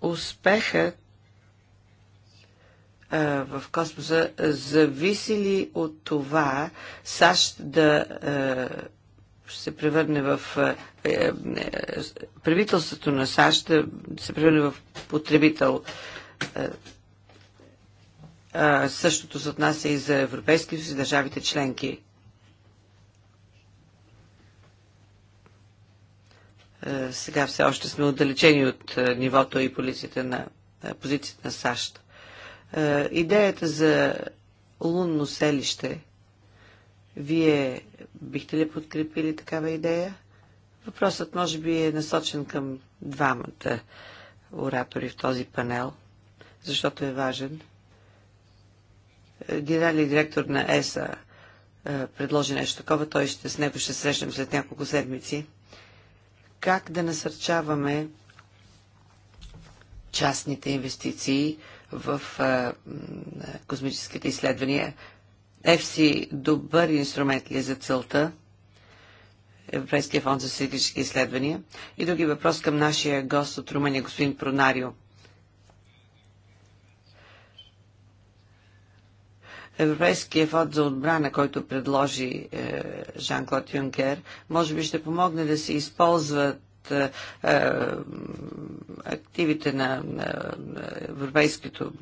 Успехът в космоса зависи ли от това САЩ да се превърне в е, е, е, правителството на САЩ да се превърне в потребител Същото се отнася и за Европейския съюз и държавите членки. Сега все още сме отдалечени от нивото и полицията на позицията на САЩ. Идеята за лунно селище, вие бихте ли подкрепили такава идея? Въпросът може би е насочен към двамата оратори в този панел, защото е важен генералният директор на ЕСА е, предложи нещо такова, той ще, с него ще срещнем след няколко седмици. Как да насърчаваме частните инвестиции в е, космическите изследвания? ЕФСИ добър инструмент ли е за целта? Европейския фонд за стратегически изследвания. И други въпрос към нашия гост от Румъния, господин Пронарио – Европейския фонд за отбрана, който предложи е, Жан-Клод Юнкер, може би ще помогне да се използват е, е, активите на, европейското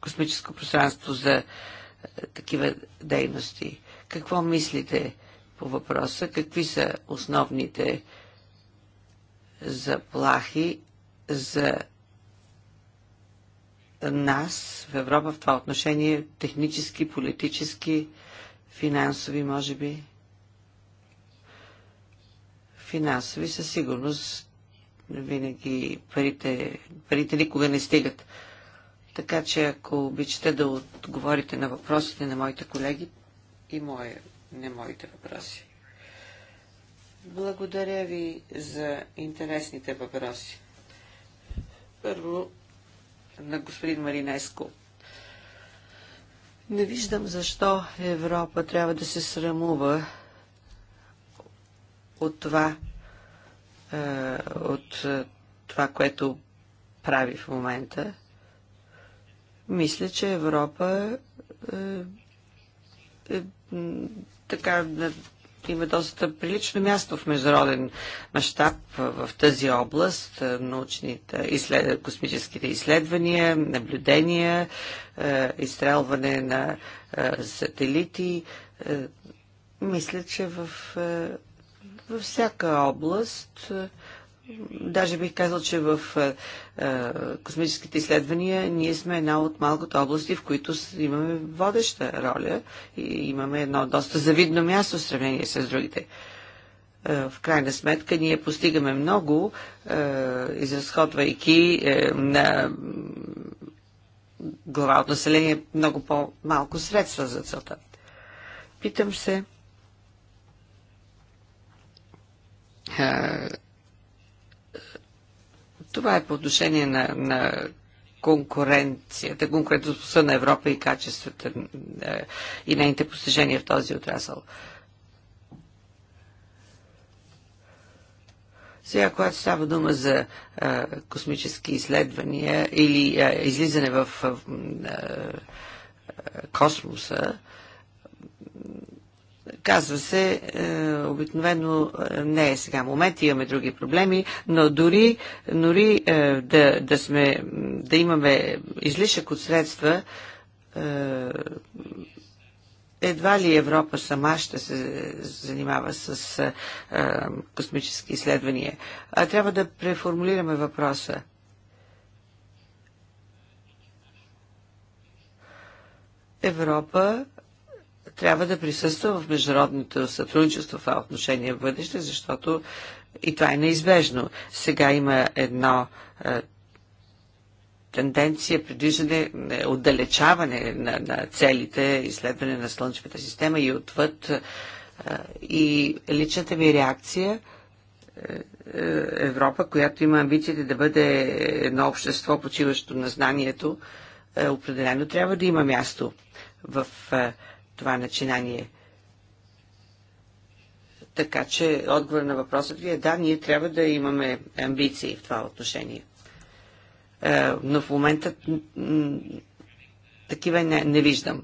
космическо пространство за такива дейности. Какво мислите по въпроса? Какви са основните заплахи за нас в Европа в това отношение, технически, политически, финансови, може би. Финансови със сигурност винаги парите, парите никога не стигат. Така че ако обичате да отговорите на въпросите на моите колеги и мое, не моите въпроси. Благодаря ви за интересните въпроси. Първо, на господин Маринеско. Не виждам защо Европа трябва да се срамува от това, е, от е, това, което прави в момента. Мисля, че Европа е, е, така на има доста прилично място в международен мащаб в тази област. Е, научните изслед... космическите изследвания, наблюдения, е, изстрелване на е, сателити. Мисля, че в, във всяка област Даже бих казал, че в е, е, космическите изследвания ние сме една от малкото области, в които имаме водеща роля и имаме едно доста завидно място в сравнение с другите е, в крайна сметка ние постигаме много, изразходвайки на глава от население много по-малко средства за целта. Питам се, това е по отношение на, на конкуренцията, конкурентоспособността на Европа и качествата е, и нейните постижения в този отрасъл. Сега, когато става дума за а, е, космически изследвания или а, е, излизане в а, а, космоса, Казва се, е, обикновено е, не е сега момент, имаме други проблеми, но дори, дори е, да, да, сме, да имаме излишък от средства, едва ли Европа сама ще се занимава с а, космически изследвания. А трябва да преформулираме въпроса. Европа трябва да присъства в международното сътрудничество в отношение в бъдеще, защото и това е неизбежно. Сега има едно е, тенденция, предвиждане, е, отдалечаване на, на целите, изследване на Слънчевата система и отвъд. Е, и личната ми реакция Европа, която има амбициите да бъде едно общество, почиващо на знанието, определено трябва да има място в това начинание. Така че отговор на въпросът ви е да, ние трябва да имаме амбиции в това отношение. Е, но в момента такива не, не виждам.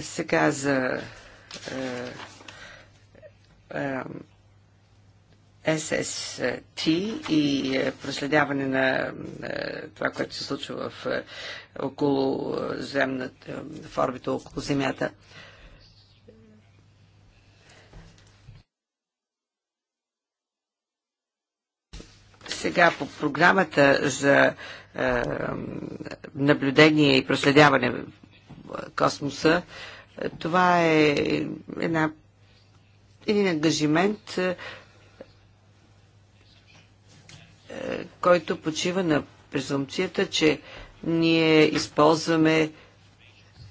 Сега за е, е, SST и е, проследяване на е, това, което се случва в, е, около земната, в орбита около Земята. Сега по програмата за е, наблюдение и проследяване в космоса, това е една, един ангажимент, който почива на презумпцията, че ние използваме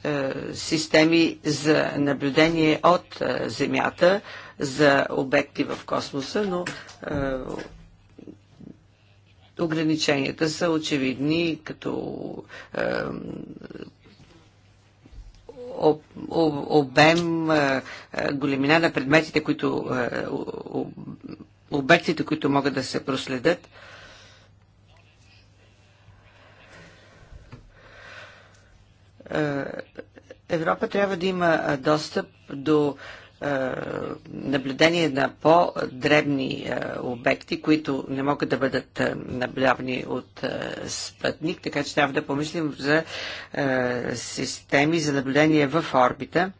е, системи за наблюдение от е, Земята за обекти в космоса, но е, ограниченията са очевидни, като обем, големина на предметите, които обектите, които могат да се проследят. Е, Европа трябва да има е, достъп до е, наблюдение на по-дребни обекти, които не могат да бъдат наблявани от спътник, така че трябва да помислим за системи за наблюдение в орбита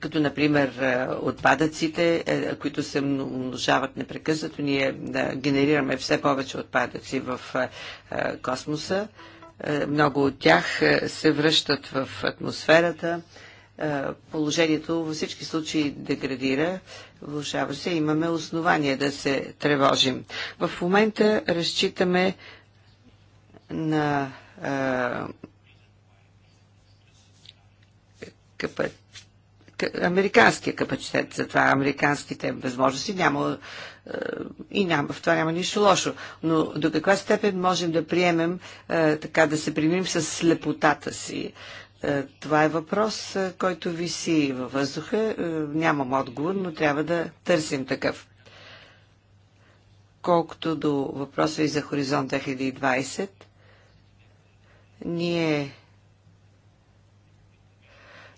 като например е, отпадъците, е, които се умножават непрекъснато. Ние генерираме все повече отпадъци в е, космоса. Много от тях се връщат в атмосферата. Положението във всички случаи деградира. Влушава се. Имаме основания да се тревожим. В момента разчитаме на капацитет американския капацитет за това, американските възможности. Няма, е, и няма, в това няма нищо лошо. Но до каква степен можем да приемем, е, така да се примирим с слепотата си? Е, това е въпрос, който виси във въздуха. Нямам отговор, но трябва да търсим такъв. Колкото до въпроса и за Хоризонт 2020, ние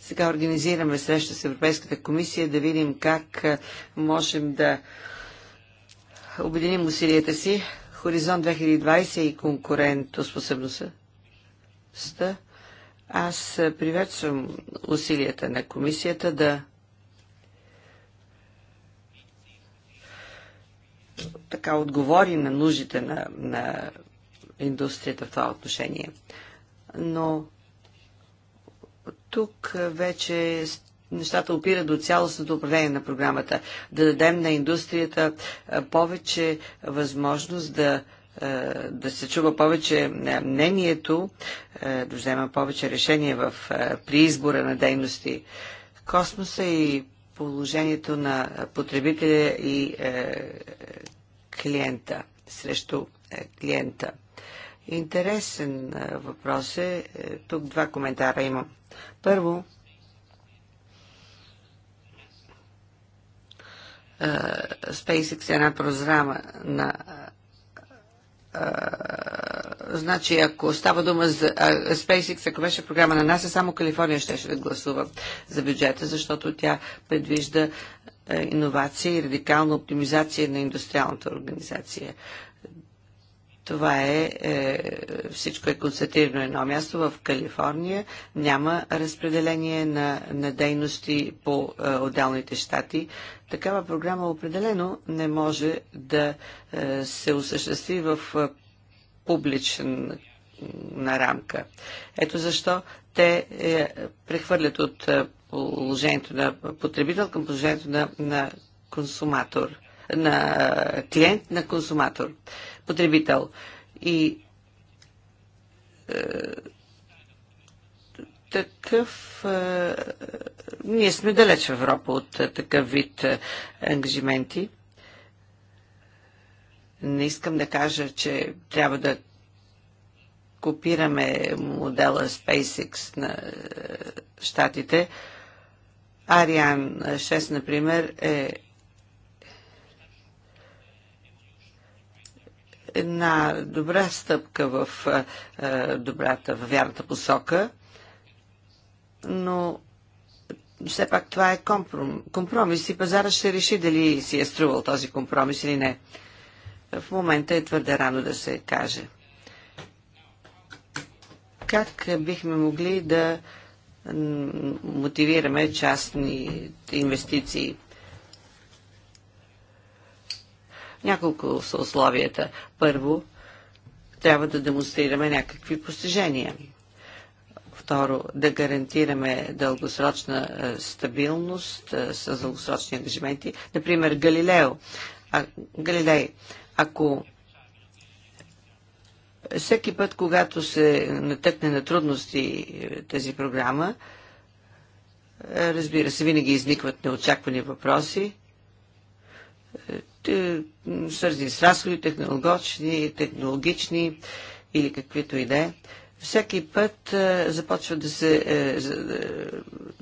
сега организираме среща с Европейската комисия да видим как можем да обединим усилията си. Хоризонт 2020 и конкурентоспособността. Аз приветствам усилията на комисията да така отговори на нуждите на, на индустрията в това отношение. Но тук вече нещата опират до цялостното управление на програмата. Да дадем на индустрията повече възможност да да се чува повече мнението, да взема повече решение в, при избора на дейности. Космоса и положението на потребителя и клиента, срещу клиента. Интересен въпрос е. Тук два коментара имам. Първо, е, SpaceX е една програма на е, е, значи, ако става дума за а, SpaceX, ако беше програма на НАСА, само Калифорния ще, ще да гласува за бюджета, защото тя предвижда иновация и радикална оптимизация на индустриалната организация. Това е, е всичко е констатирано едно място в Калифорния. Няма разпределение на, на дейности по е, отделните щати. Такава програма определено не може да е, се осъществи в е, публичен на рамка. Ето защо те е, прехвърлят от е, положението на потребител към положението на, на консуматор, на е, клиент на консуматор. Е, потребител. И е, такъв. Е, ние сме далеч в Европа от е, такъв вид е, ангажименти. Не искам да кажа, че трябва да копираме модела SpaceX на щатите. Е, Ариан 6, например, е една добра стъпка в добрата, в вярната посока, но все пак това е компром, компромис и пазара ще реши дали си е струвал този компромис или не. В момента е твърде рано да се каже. Как бихме могли да мотивираме частни инвестиции? Няколко са условията. Първо, трябва да демонстрираме някакви постижения. Второ, да гарантираме дългосрочна е, стабилност е, с дългосрочни ангажименти. Например, Галилео. А, Галилей, ако всеки път, когато се натъкне на трудности е, тази програма, разбира се, винаги изникват неочаквани въпроси. Е, свързани с разходи, технологични, технологични или каквито и да е. Всеки път е, започва да се е, е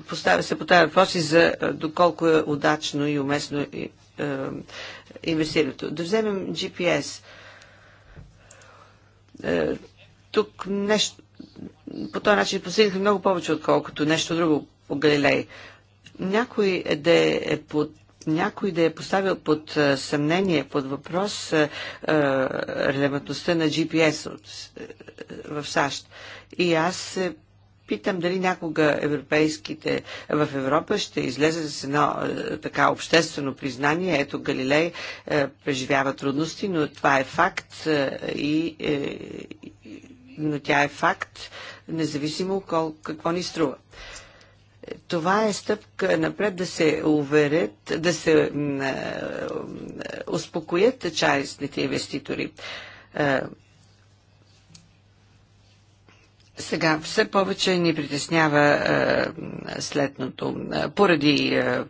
поставя се по тази въпроси за е, доколко е удачно и уместно е, инвестирането. Да вземем GPS. Тук нещо по този начин постигнахме много повече, отколкото нещо друго по Галилей. Някой да е под някой да е поставил под съмнение, под въпрос релевантността на GPS в САЩ. И аз се питам дали някога европейските в Европа ще излезе с едно така обществено признание. Ето Галилей е, преживява трудности, но това е факт е, и е, но тя е факт, независимо колко, какво ни струва това е стъпка напред да се уверят, да се успокоят частните инвеститори. Сега все повече ни притеснява е, следното. Поради е,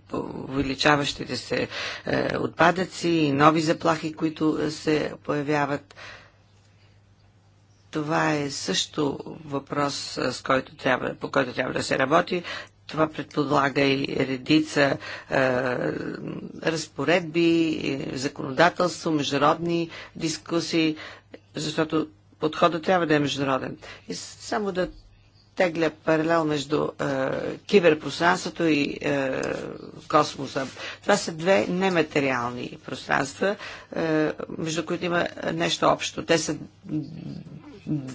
увеличаващите се е, отпадъци и нови заплахи, които се появяват, това е също въпрос, с който трябва, по който трябва да се работи. Това предполага и редица е, разпоредби, е, законодателство, международни дискусии, защото подходът трябва да е международен. И само да тегля паралел между е, киберпространството и е, космоса. Това са две нематериални пространства, е, между които има нещо общо. Те са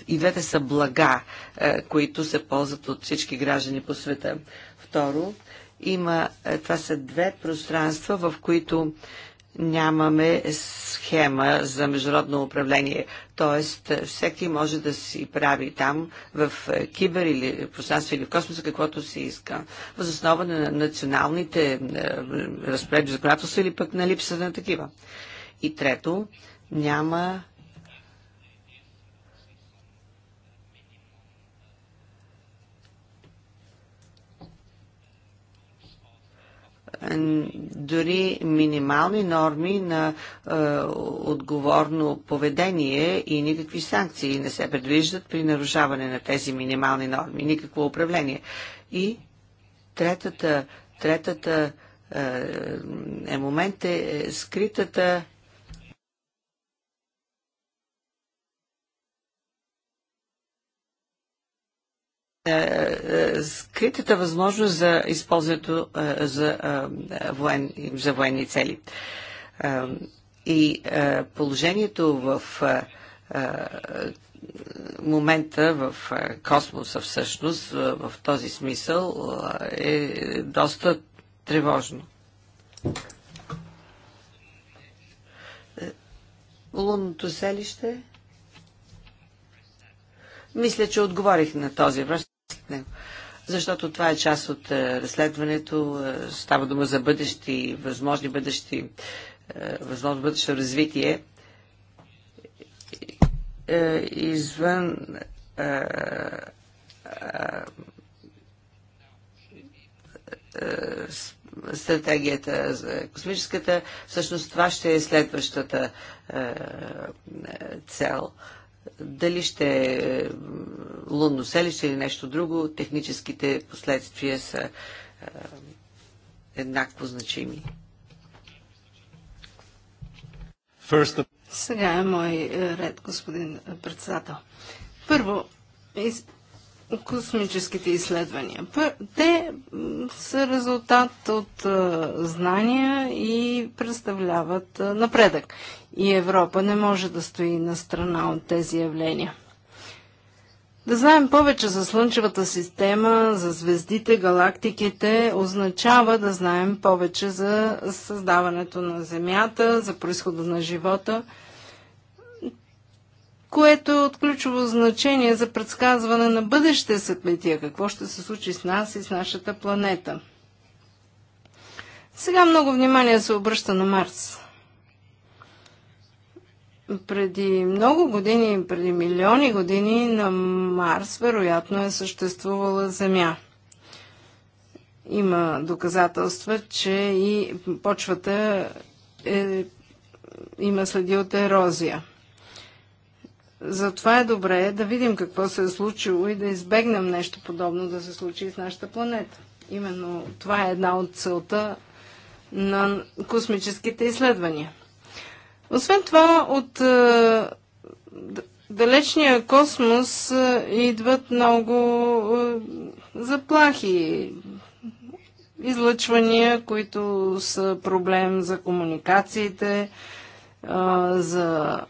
и двете са блага, е, които се ползват от всички граждани по света. Второ, има, е, това са две пространства, в които нямаме схема за международно управление. Тоест, е, всеки може да си прави там в кибер или в пространство или в космоса, каквото си иска. Въз основа на националните разпоредби законодателства или пък на липсата на такива. И трето, няма дори минимални норми на е, отговорно поведение и никакви санкции не се предвиждат при нарушаване на тези минимални норми, никакво управление. И третата, третата е, е момент е, е скритата Е, е, скритата възможност за използването е, за, воен, за военни цели. И положението в момента в космоса всъщност, в този смисъл, е доста тревожно. Лунното селище? Мисля, че отговорих на този въпрос него. Защото това е част от е, разследването. Е, става дума за бъдещи, възможни бъдещи, е, възможно бъдещо развитие. Извън стратегията за космическата, всъщност това ще е следващата е, цел. Е, дали ще е лунно селище или нещо друго, техническите последствия са е, еднакво значими. Сега е мой е, ред, господин председател. Първо, космическите изследвания. Те са резултат от знания и представляват напредък. И Европа не може да стои на страна от тези явления. Да знаем повече за Слънчевата система, за звездите, галактиките, означава да знаем повече за създаването на Земята, за происхода на живота – което е от ключово значение за предсказване на бъдеще сътметия, какво ще се случи с нас и с нашата планета. Сега много внимание се обръща на Марс. Преди много години, преди милиони години на Марс вероятно е съществувала Земя. Има доказателства, че и почвата е, има следи от ерозия. Затова е добре да видим какво се е случило и да избегнем нещо подобно да се случи и с нашата планета. Именно това е една от целта на космическите изследвания. Освен това, от е, далечния космос е, идват много е, заплахи, излъчвания, които са проблем за комуникациите, за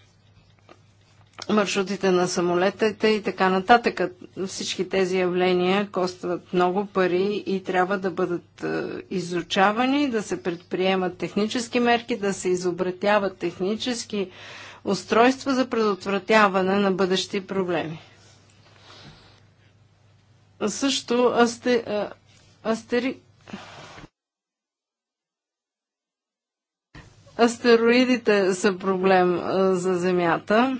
маршрутите на самолетите и така нататък. Всички тези явления костват много пари и трябва да бъдат е, изучавани, да се предприемат технически мерки, да се изобретяват технически устройства за предотвратяване на бъдещи проблеми. Също асте, е, астери... Астероидите са проблем е, за Земята.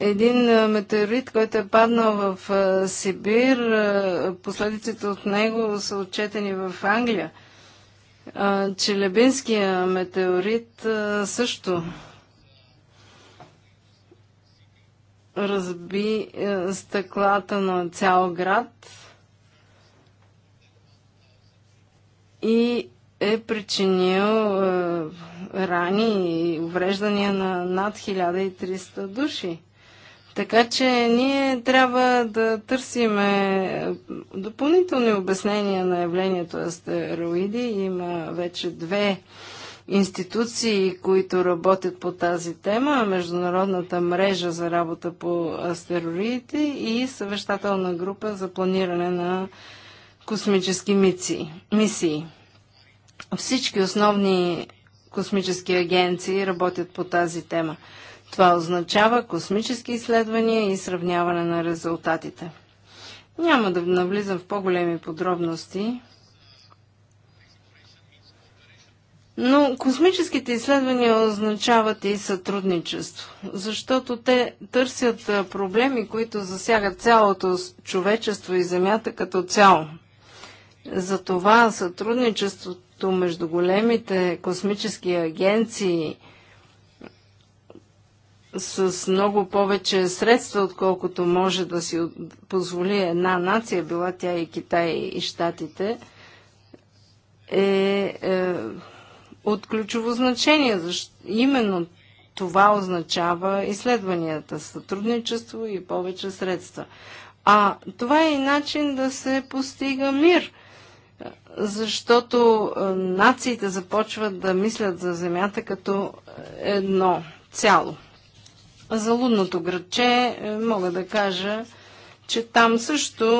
един метеорит, който е паднал в Сибир, последиците от него са отчетени в Англия. Челебинския метеорит също разби стъклата на цял град и е причинил е, рани и увреждания на над 1300 души. Така че ние трябва да търсиме е, допълнителни обяснения на явлението астероиди. Има вече две институции, които работят по тази тема, Международната мрежа за работа по астероидите и съвещателна група за планиране на космически мисии. Всички основни космически агенции работят по тази тема. Това означава космически изследвания и сравняване на резултатите. Няма да навлизам в по-големи подробности, но космическите изследвания означават и сътрудничество, защото те търсят проблеми, които засягат цялото човечество и Земята като цяло. Затова сътрудничеството партньорството между големите космически агенции с много повече средства, отколкото може да си позволи една нация, била тя и Китай и Штатите, е, е от ключово значение. Защо, именно това означава изследванията, сътрудничество и повече средства. А това е и начин да се постига мир защото е, нациите започват да мислят за Земята като едно цяло. За лудното градче е, мога да кажа, че там също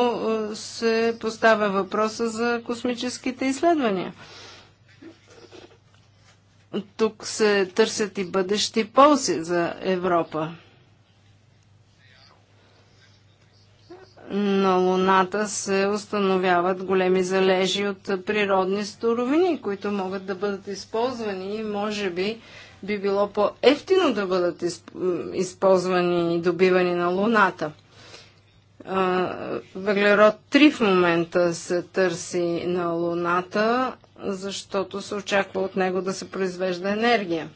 е, се поставя въпроса за космическите изследвания. Тук се търсят и бъдещи ползи за Европа. на Луната се установяват големи залежи от природни суровини, които могат да бъдат използвани и може би би било по-ефтино да бъдат използвани и добивани на Луната. Въглерод 3 в момента се търси на Луната, защото се очаква от него да се произвежда енергия.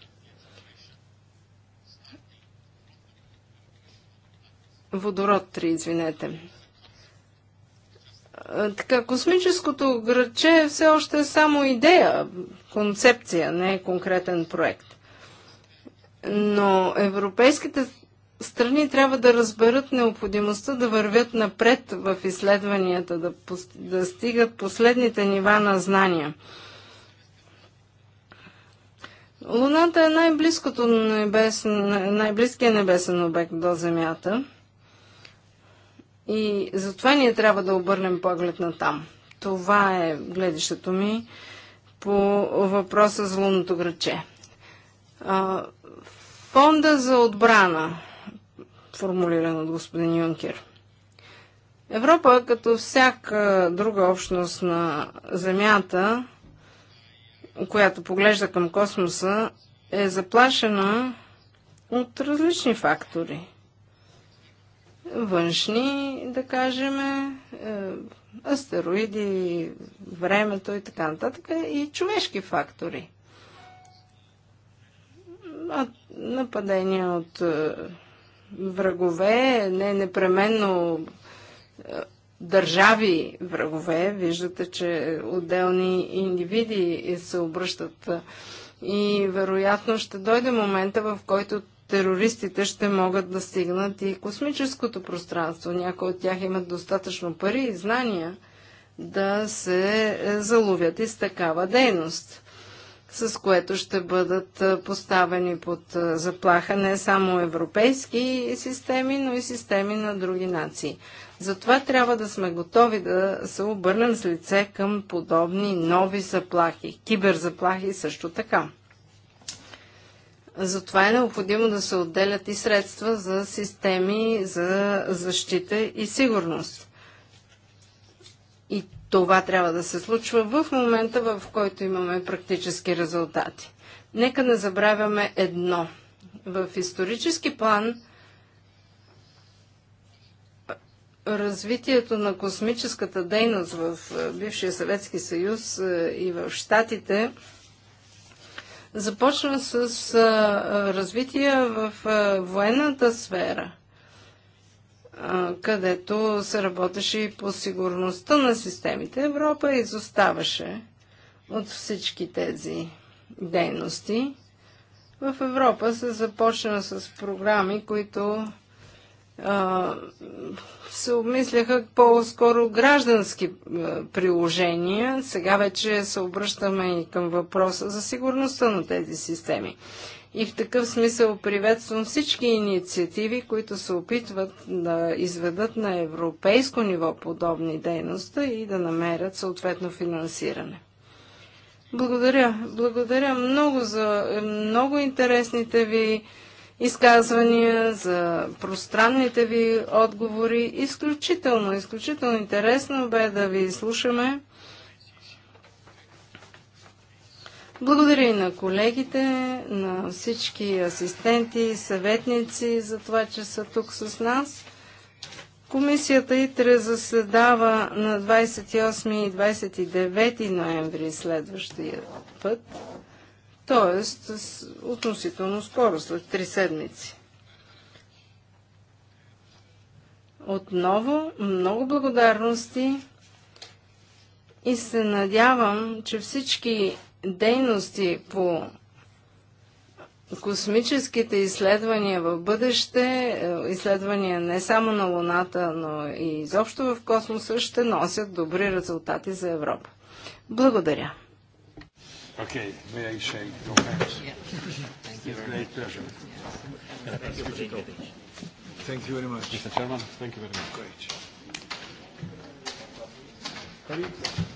Водород 3, извинете така, космическото градче все още е само идея, концепция, не е конкретен проект. Но европейските страни трябва да разберат необходимостта да вървят напред в изследванията, да, да стигат последните нива на знания. Луната е най-близкото небес, най-близкият небесен обект до Земята. И затова ние трябва да обърнем поглед на там. Това е гледащето ми по въпроса за лунното граче. Фонда за отбрана, формулиран от господин Юнкер. Европа, като всяка друга общност на Земята, която поглежда към космоса, е заплашена от различни фактори външни, да кажем, е, астероиди, времето и така нататък, и човешки фактори. Нападения от е, врагове, не непременно е, държави врагове, виждате, че отделни индивиди се обръщат и вероятно ще дойде момента, в който терористите ще могат да стигнат и космическото пространство. Някои от тях имат достатъчно пари и знания да се е, заловят и с такава дейност, с което ще бъдат е, поставени под е, заплаха не само европейски системи, но и системи на други нации. Затова трябва да сме готови да се обърнем с лице към подобни нови заплахи, киберзаплахи също така. Затова е необходимо да се отделят и средства за системи за защита и сигурност. И това трябва да се случва в момента, в който имаме практически резултати. Нека не забравяме едно. В исторически план развитието на космическата дейност в е, бившия Съветски съюз е, и в Штатите започва с развитие в военната сфера – където се работеше и по сигурността на системите. Европа изоставаше от всички тези дейности. В Европа се започна с програми, които се обмисляха по-скоро граждански приложения. Сега вече се обръщаме и към въпроса за сигурността на тези системи. И в такъв смисъл приветствам всички инициативи, които се опитват да изведат на европейско ниво подобни дейности и да намерят съответно финансиране. Благодаря. Благодаря много за много интересните ви изказвания, за пространните ви отговори. Изключително, изключително интересно бе да ви слушаме. Благодаря и на колегите, на всички асистенти, и съветници за това, че са тук с нас. Комисията ИТРЕ заседава на 28 и 29 ноември следващия път. Тоест, относително скоро, след три седмици. Отново, много благодарности и се надявам, че всички дейности по космическите изследвания в бъдеще, е, изследвания не само на Луната, но и изобщо в космоса, ще носят добри резултати за Европа. Благодаря. Okay, may I say your hands? Yeah. Thank you. It's a great pleasure. Yes. Thank you for the Thank you very much. Mr. Chairman, thank you very much. Great. Thank you.